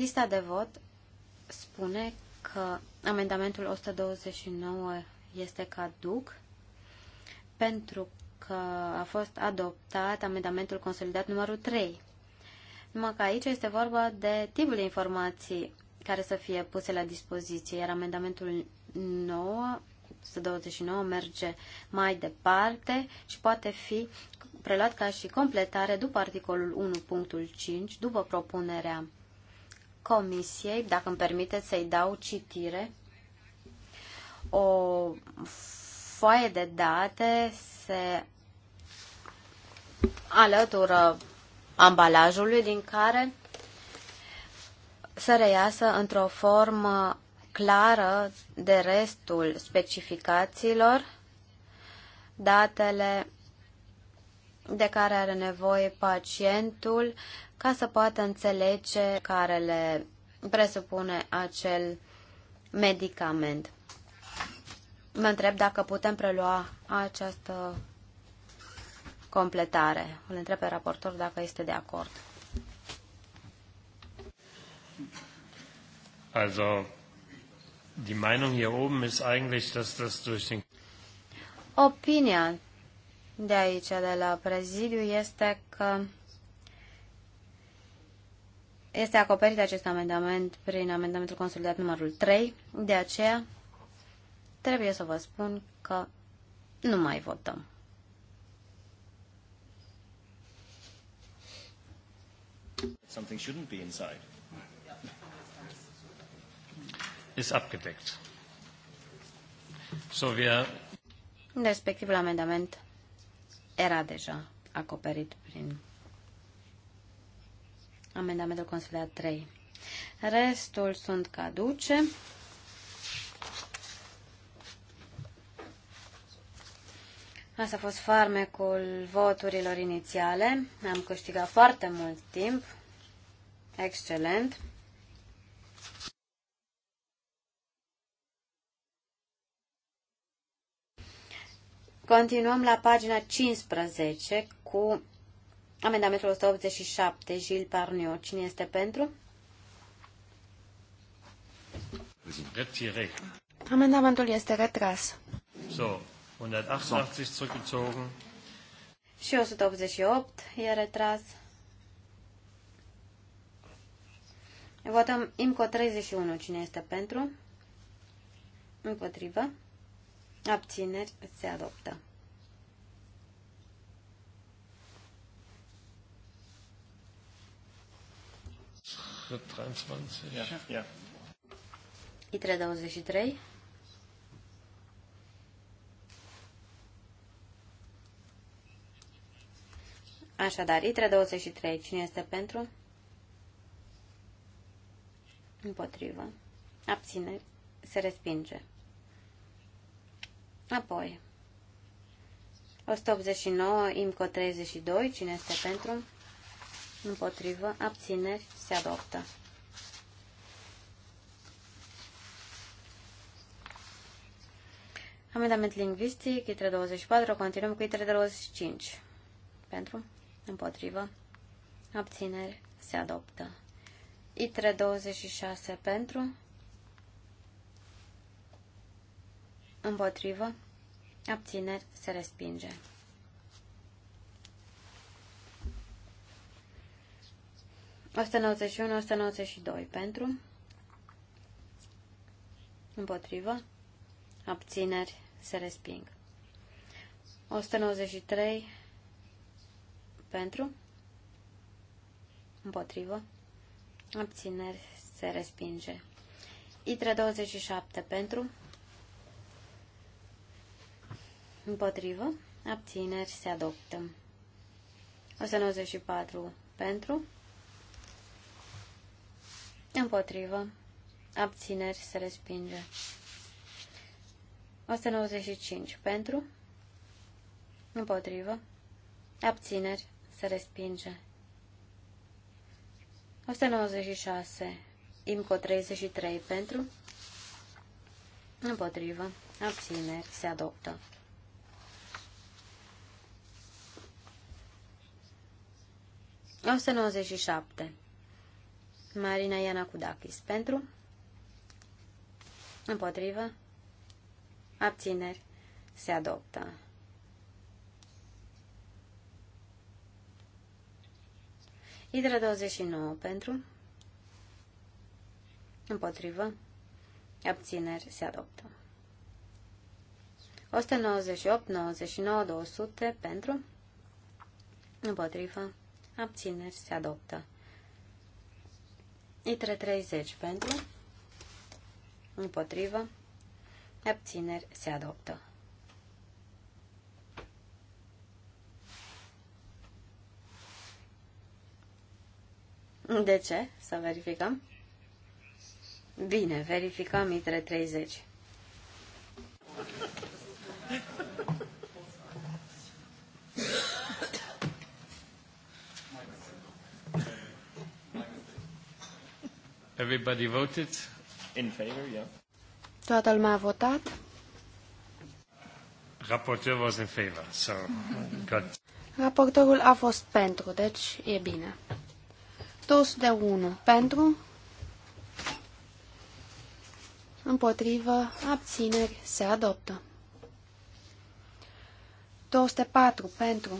Lista de vot spune că amendamentul 129 este caduc pentru că a fost adoptat amendamentul consolidat numărul 3. Numai că aici este vorba de tipul de informații care să fie puse la dispoziție, iar amendamentul 9, 129 merge mai departe și poate fi preluat ca și completare după articolul 1.5, după propunerea Comisiei, dacă îmi permiteți să-i dau citire, o foaie de date se alătură ambalajului din care să reiasă într-o formă clară de restul specificațiilor datele de care are nevoie pacientul ca să poată înțelege care le presupune acel medicament. Mă întreb dacă putem prelua această completare. Îl întreb pe raportor dacă este de acord.
Also, die Meinung hier oben ist eigentlich, dass das durch den
Opinia de aici, de la prezidiu, este că este acoperit acest amendament prin amendamentul consolidat numărul 3, de aceea trebuie să vă spun că nu mai votăm.
Something shouldn't be inside. Ist abgedeckt. So wir
Respectivul amendament era deja acoperit prin amendamentul consiliat 3. Restul sunt caduce. Asta a fost farmecul voturilor inițiale. Am câștigat foarte mult timp. Excelent. Continuăm la pagina 15 cu Amendamentul 187, gil Parniu. Cine este pentru? Amendamentul este retras.
So, 188 zurückgezogen.
Și 188 e retras. Votăm IMCO 31. Cine este pentru? Împotrivă. Abțineri se adoptă.
23. Ja.
ITRE 23. Așadar, ITRE 23. Cine este pentru? Împotrivă. Abține. Se respinge. Apoi. 189, IMCO 32, cine este pentru? Împotrivă, abțineri, se adoptă. Amendament lingvistic, ITRE 24, continuăm cu ITRE 25. Pentru, împotrivă, abțineri, se adoptă. ITRE 26, pentru, împotrivă, abțineri, se respinge. 191-192 pentru, împotrivă, abțineri, se resping. 193 pentru, împotrivă, abțineri, se respinge. ITRE 27 pentru, împotrivă, abțineri, se adoptă. 194 pentru, Împotrivă. Abțineri se respinge. 195. Pentru. Împotrivă. Abțineri se respinge. 196. IMCO 33. Pentru. Împotrivă. Abțineri se adoptă. O 197. Marina Iana Cudacis. pentru, împotrivă, abțineri, se adoptă. Hidra 29 pentru, împotrivă, abțineri, se adoptă. 198, 99, 200 pentru, împotrivă, abțineri, se adoptă. Itre 30 pentru, împotrivă, abțineri se adoptă. De ce? Să verificăm. Bine, verificăm Itre 30.
Everybody voted? In favor, yeah.
Toată lumea a votat.
Raportul was in favor, so good.
Raportorul a fost pentru, deci e bine. 201 pentru, împotrivă, abțineri, se adoptă. 204 pentru,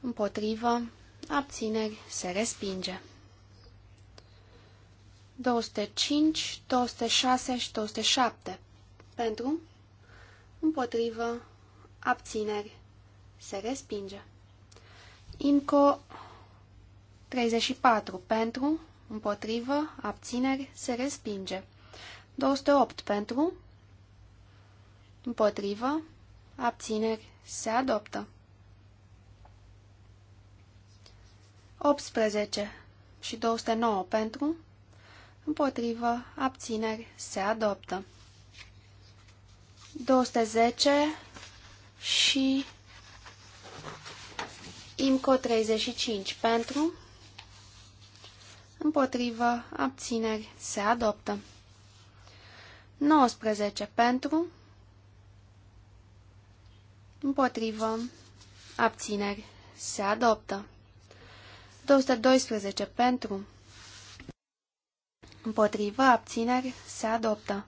împotrivă, abțineri, se respinge. 205, 206 și 207 pentru, împotrivă, abțineri, se respinge. Inco 34 pentru, împotrivă, abțineri, se respinge. 208 pentru, împotrivă, abțineri, se adoptă. 18 și 209 pentru, împotrivă, abțineri, se adoptă. 210 și IMCO 35 pentru, împotrivă, abțineri, se adoptă. 19 pentru, împotrivă, abțineri, se adoptă. 212 pentru. Împotrivă, abțineri, se adoptă.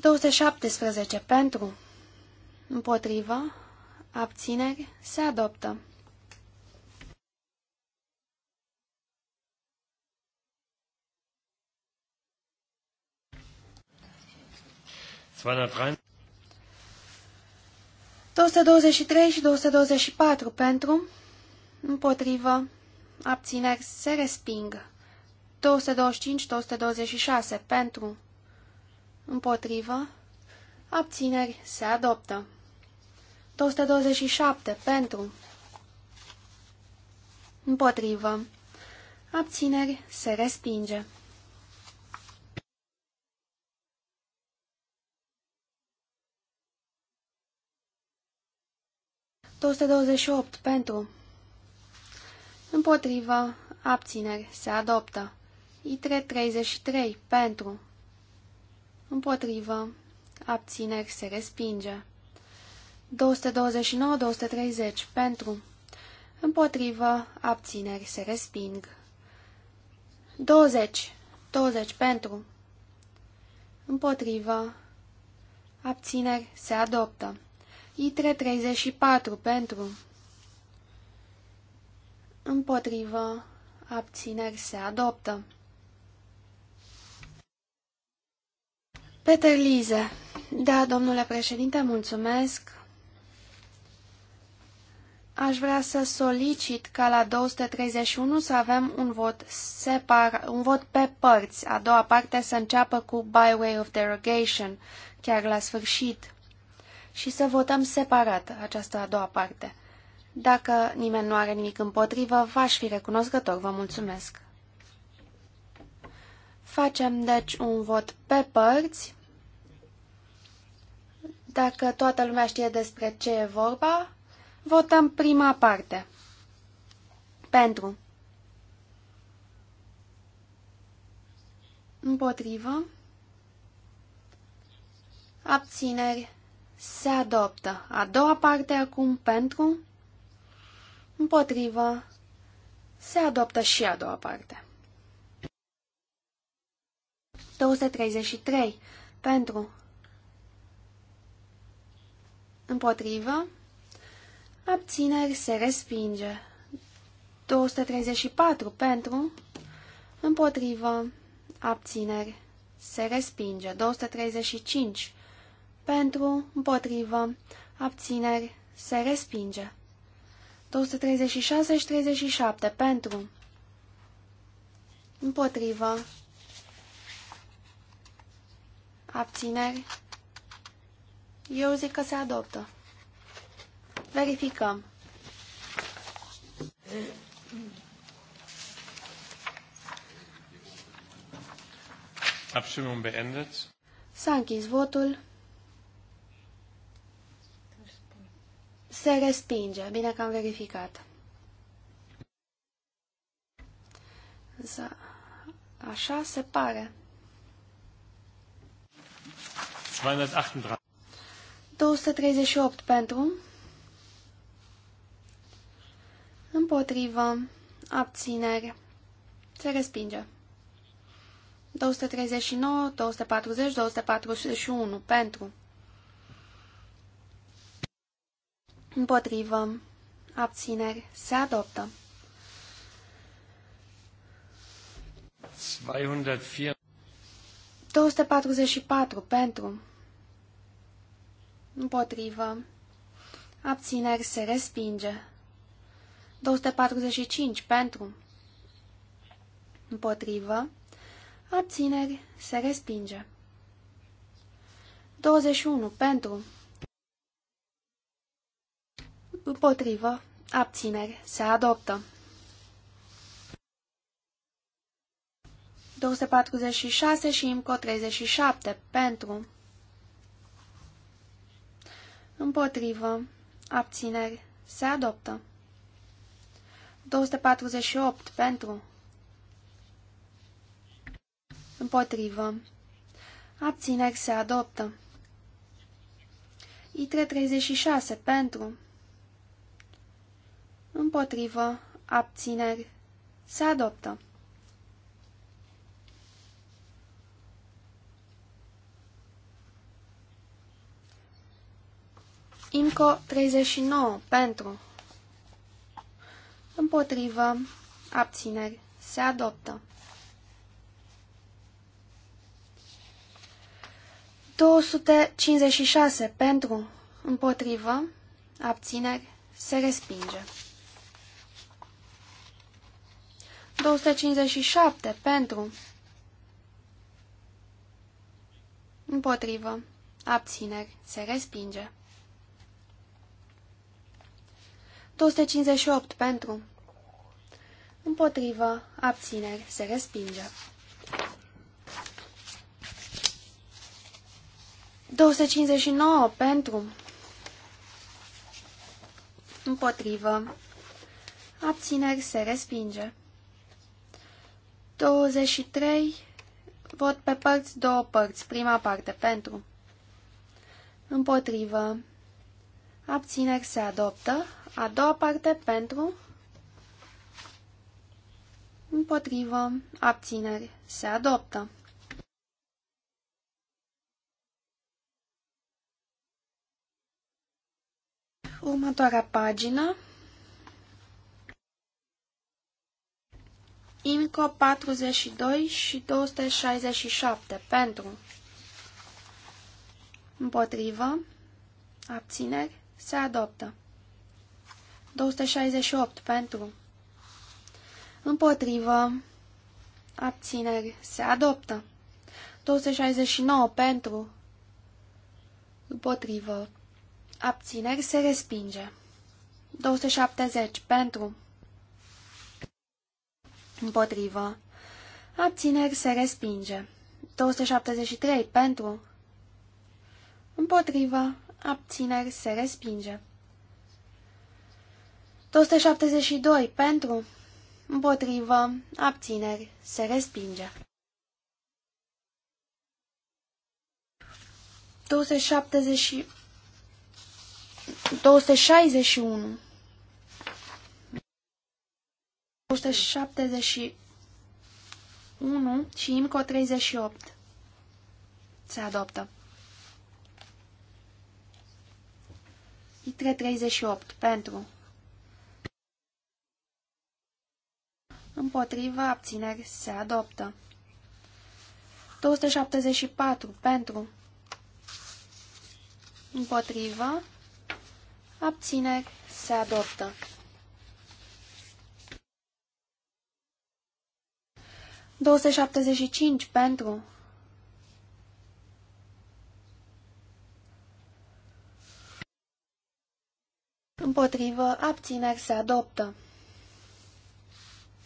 217 pentru. Împotrivă, abțineri, se adoptă. 223 și 224 pentru, împotrivă, abțineri se resping. 225-226 pentru, împotrivă, abțineri se adoptă. 227 pentru, împotrivă, abțineri se respinge. 228 pentru. Împotrivă. Abțineri. Se adoptă. ITRE 33 pentru. Împotrivă. Abțineri. Se respinge. 229-230 pentru. Împotrivă. Abțineri. Se resping. 20. 20 pentru. Împotrivă. Abțineri. Se adoptă. ITRE 34 pentru. Împotrivă. Abțineri se adoptă. Peter Lize. Da, domnule președinte, mulțumesc. Aș vrea să solicit ca la 231 să avem un vot separ, un vot pe părți. A doua parte să înceapă cu By Way of Derogation, chiar la sfârșit și să votăm separat această a doua parte. Dacă nimeni nu are nimic împotrivă, v-aș fi recunoscător. Vă mulțumesc. Facem, deci, un vot pe părți. Dacă toată lumea știe despre ce e vorba, votăm prima parte. Pentru. Împotrivă. Abțineri. Se adoptă. A doua parte acum pentru, împotrivă, se adoptă și a doua parte. 233. Pentru, împotrivă, abțineri se respinge. 234. Pentru, împotrivă, abțineri se respinge. 235 pentru, împotrivă, abțineri, se respinge. 236 și 37 pentru, împotrivă, abțineri, eu zic că se adoptă. Verificăm.
Abstimmung beendet.
S-a închis votul. Se respinge. Bine că am verificat. Însă, așa se pare. 238. pentru. Împotrivă. Abțineri. Se respinge. 239, 240, 241 pentru. Împotrivă. Abțineri. Se adoptă. 244 pentru. Împotrivă. Abțineri se respinge. 245 pentru. Împotrivă. Abțineri se respinge. 21 pentru împotrivă, abțineri, se adoptă. 246 și IMCO 37 pentru împotrivă, abțineri, se adoptă. 248 pentru împotrivă, abțineri, se adoptă. i 36 pentru împotrivă, abțineri, se adoptă. INCO 39 pentru împotrivă abțineri se adoptă 256 pentru împotrivă abțineri se respinge 257 pentru. Împotrivă. Abțineri. Se respinge. 258 pentru. Împotrivă. Abțineri. Se respinge. 259 pentru. Împotrivă. Abțineri. Se respinge. 23. Vot pe părți, două părți. Prima parte pentru. Împotrivă. Abțineri se adoptă. A doua parte pentru. Împotrivă. Abțineri se adoptă. Următoarea pagină. INCO 42 și 267 pentru împotrivă abțineri se adoptă. 268 pentru împotrivă abțineri se adoptă. 269 pentru împotrivă abțineri se respinge. 270 pentru Împotrivă. Abțineri se respinge. 273 pentru. Împotrivă. Abțineri se respinge. 272 pentru. Împotrivă. Abțineri se respinge. 270 261 271 și IMCO 38 se adoptă. ITRE 38 pentru Împotriva abțineri se adoptă. 274 pentru Împotriva abțineri se adoptă. 275 pentru. Împotrivă, abțineri se adoptă.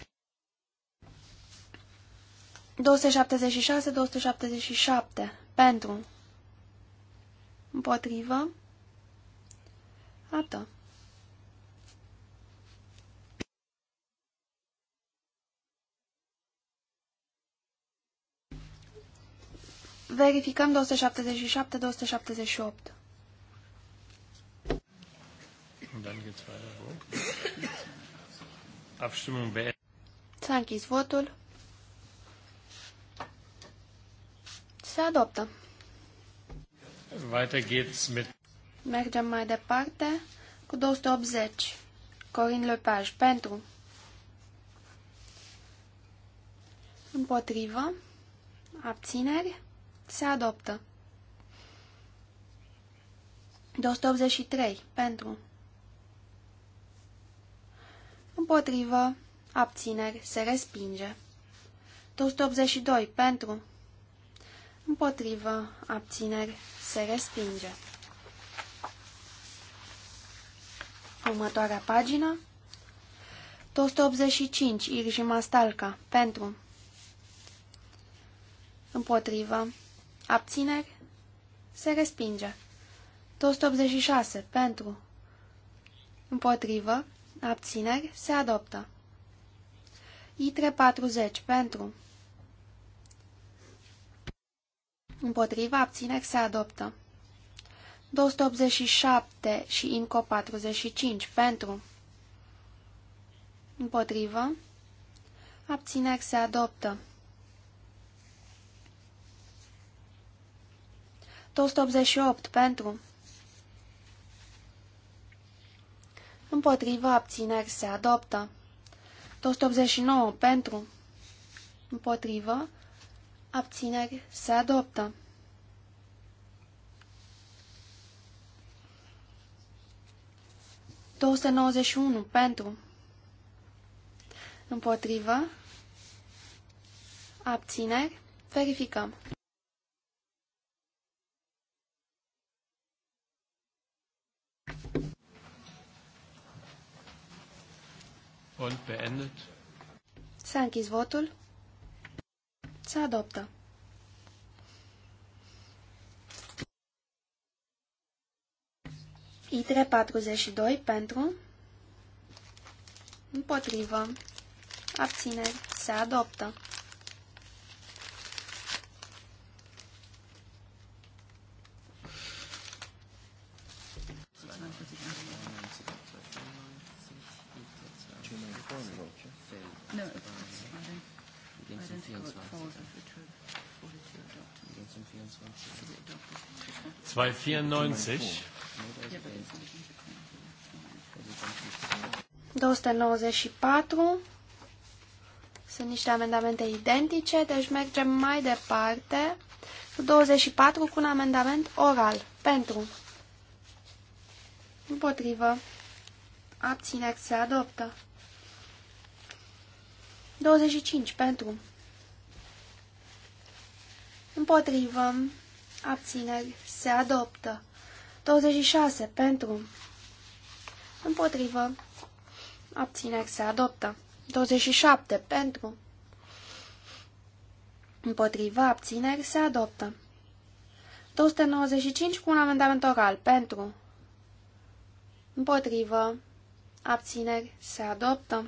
276-277 pentru. Împotrivă. Aptă. Verificăm 277-278. S-a închis votul. Se adoptă.
Weiter geht's mit...
Mergem mai departe cu 280. Corin Lepage pentru. Împotrivă. Abțineri. Se adoptă. 283. Pentru. Împotrivă. Abțineri. Se respinge. 282. Pentru. Împotrivă. Abțineri. Se respinge. Următoarea pagină. 285. Irjima Stalca. Pentru. Împotrivă. Abțineri? Se respinge. 286. Pentru. Împotrivă. Abțineri. Se adoptă. ITRE 40. Pentru. Împotrivă. Abțineri. Se adoptă. 287 și INCO 45. Pentru. Împotrivă. Abțineri. Se adoptă. 188 pentru. Împotriva abțineri se adoptă. 189 pentru. Împotrivă. Abțineri se adoptă. unu pentru. Împotrivă. Abțineri. Verificăm.
Und beendet.
S-a închis votul. Se adoptă. I342 pentru, împotrivă, abțineri, se adoptă.
No, of course. I don't. I don't think it falls of the truth.
294. 294. Sunt niște amendamente identice, deci mergem mai departe cu 24 cu un amendament oral. Pentru. Împotrivă. Abțineri se adoptă. 25 pentru. Împotrivă. Abțineri. Se adoptă. 26 pentru. Împotrivă. Abțineri. Se adoptă. 27 pentru. Împotrivă. Abțineri. Se adoptă. 295 cu un amendament oral. Pentru. Împotrivă. Abțineri. Se adoptă.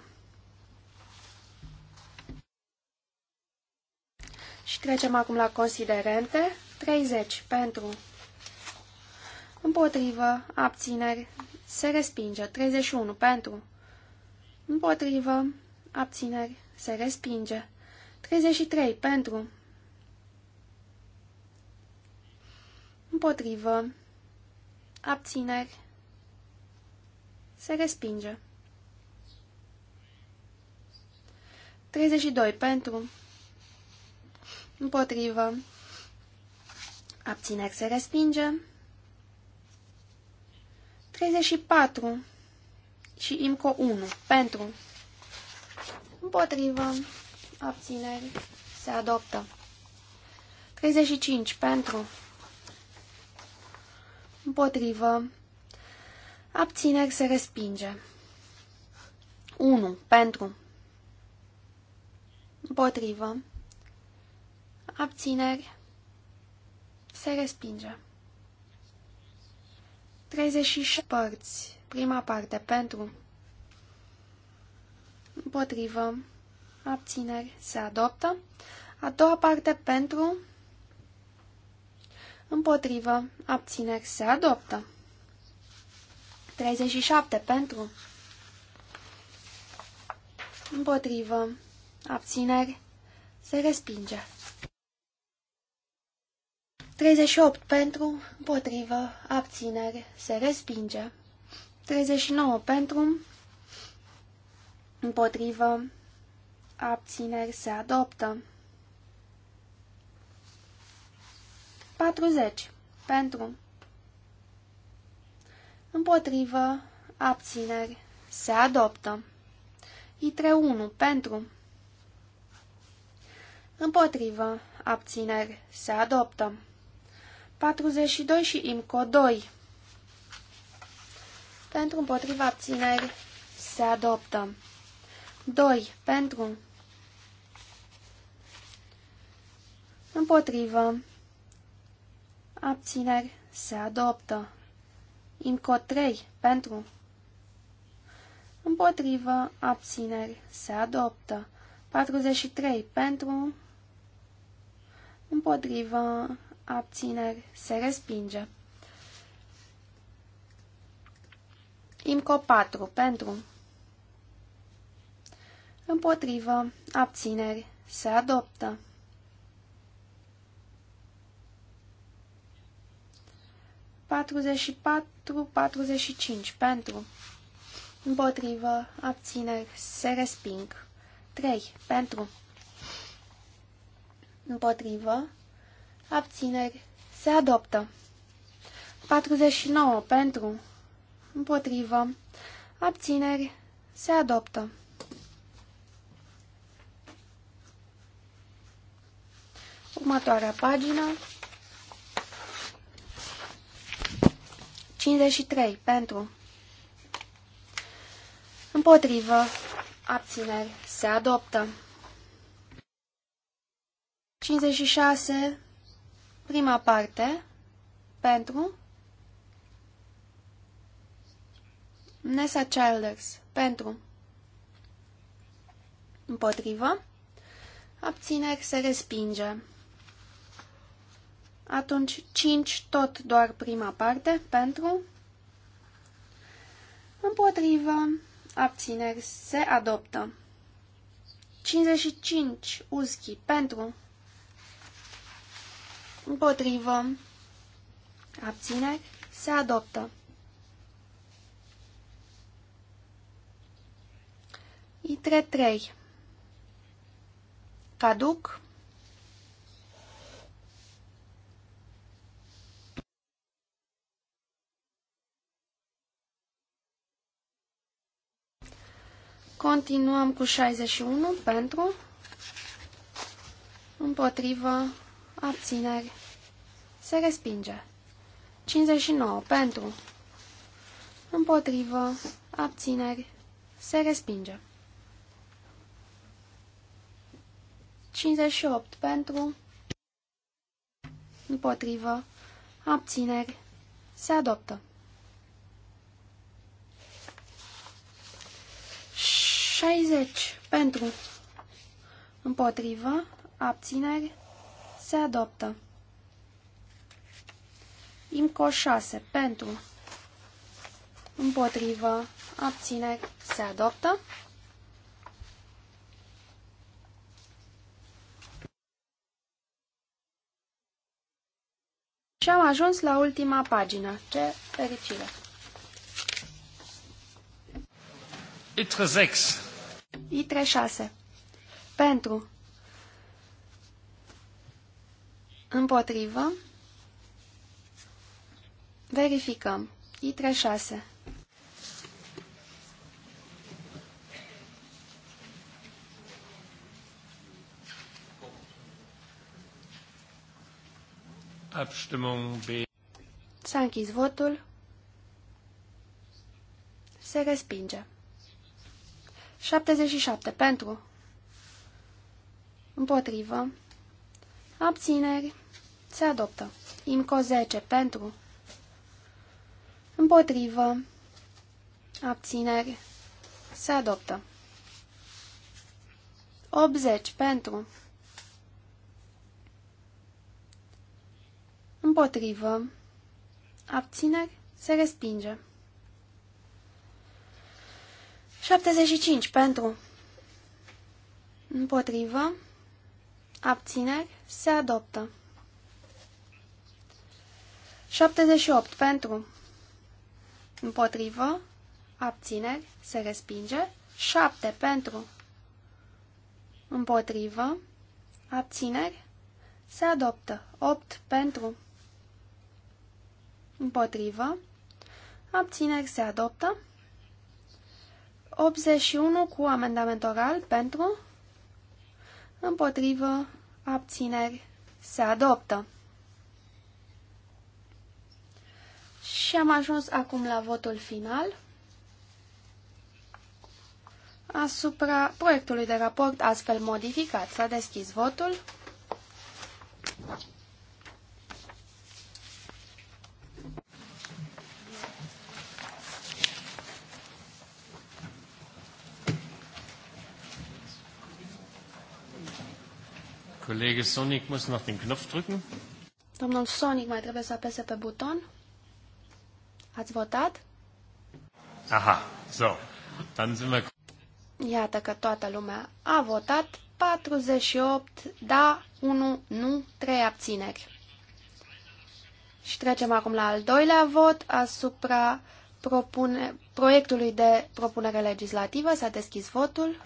Și trecem acum la considerente. 30 pentru împotrivă, abțineri, se respinge. 31 pentru împotrivă, abțineri, se respinge. 33 pentru împotrivă, abțineri, se respinge. 32 pentru împotrivă, abțineri se respinge, 34 și IMCO 1 pentru, împotrivă, abțineri se adoptă, 35 pentru, împotrivă, abțineri se respinge, 1 pentru, împotrivă, abțineri, se respinge. 36 părți, prima parte pentru, împotrivă, abțineri, se adoptă, a doua parte pentru, împotrivă, abțineri, se adoptă. 37 pentru, împotrivă, abțineri, se respinge. 38 pentru, împotrivă, abțineri, se respinge. 39 pentru, împotrivă, abțineri, se adoptă. 40 pentru, împotrivă, abțineri, se adoptă. ITRE 1 pentru, împotrivă, abțineri, se adoptă. 42 și IMCO 2. Pentru împotriva abțineri se adoptă. 2. Pentru împotrivă abțineri se adoptă. IMCO 3. Pentru împotrivă abțineri se adoptă. 43. Pentru împotrivă abțineri, se respinge. IMCO 4 pentru Împotrivă, abțineri, se adoptă. Patruzeci și patru, patruzeci și cinci, pentru. Împotrivă, abțineri, se resping. Trei, pentru. Împotrivă, abțineri, se adoptă. 49 pentru, împotrivă, abțineri, se adoptă. 53 pentru, împotrivă, abțineri, se adoptă. 56 Prima parte, pentru Nessa Childers, pentru împotrivă, abțineri se respinge. Atunci 5 tot doar prima parte, pentru împotrivă, abțineri se adoptă. 55 uschi pentru Împotrivă. Abțineri. Se adoptă. ITRE 3. Caduc. Continuăm cu 61 pentru, împotrivă, abțineri. Se respinge. 59. Pentru. Împotrivă. Abțineri. Se respinge. 58. Pentru. Împotrivă. Abțineri. Se adoptă. 60. Pentru. Împotrivă. Abțineri. Se adoptă. IMCO 6 pentru, împotrivă, abține se adoptă. Și am ajuns la ultima pagină. Ce fericire!
ITRE 6
ITRE 6 Pentru Împotrivă Verificăm. I36.
Abstimmung B.
S-a închis votul. Se respinge. 77 pentru. Împotrivă. Abțineri. Se adoptă. IMCO 10 pentru. Împotrivă. Abțineri. Se adoptă. 80 pentru. Împotrivă. Abțineri. Se respinge. 75 pentru. Împotrivă. Abțineri. Se adoptă. 78 pentru. Împotrivă. Abțineri. Se respinge. 7 pentru. Împotrivă. Abțineri. Se adoptă. 8 pentru. Împotrivă. Abțineri se adoptă. 81 cu amendament oral pentru. Împotrivă. Abțineri se adoptă. Și am ajuns acum la votul final asupra proiectului de raport astfel modificat. S-a deschis votul.
Kollege Sonic muss noch den Knopf drücken.
Domnul Sonic mai trebuie să apese pe buton. Ați votat?
Aha, so. Dann sind wir...
Iată că toată lumea a votat. 48 da, 1 nu, 3 abțineri. Și trecem acum la al doilea vot asupra propune, proiectului de propunere legislativă. S-a deschis votul.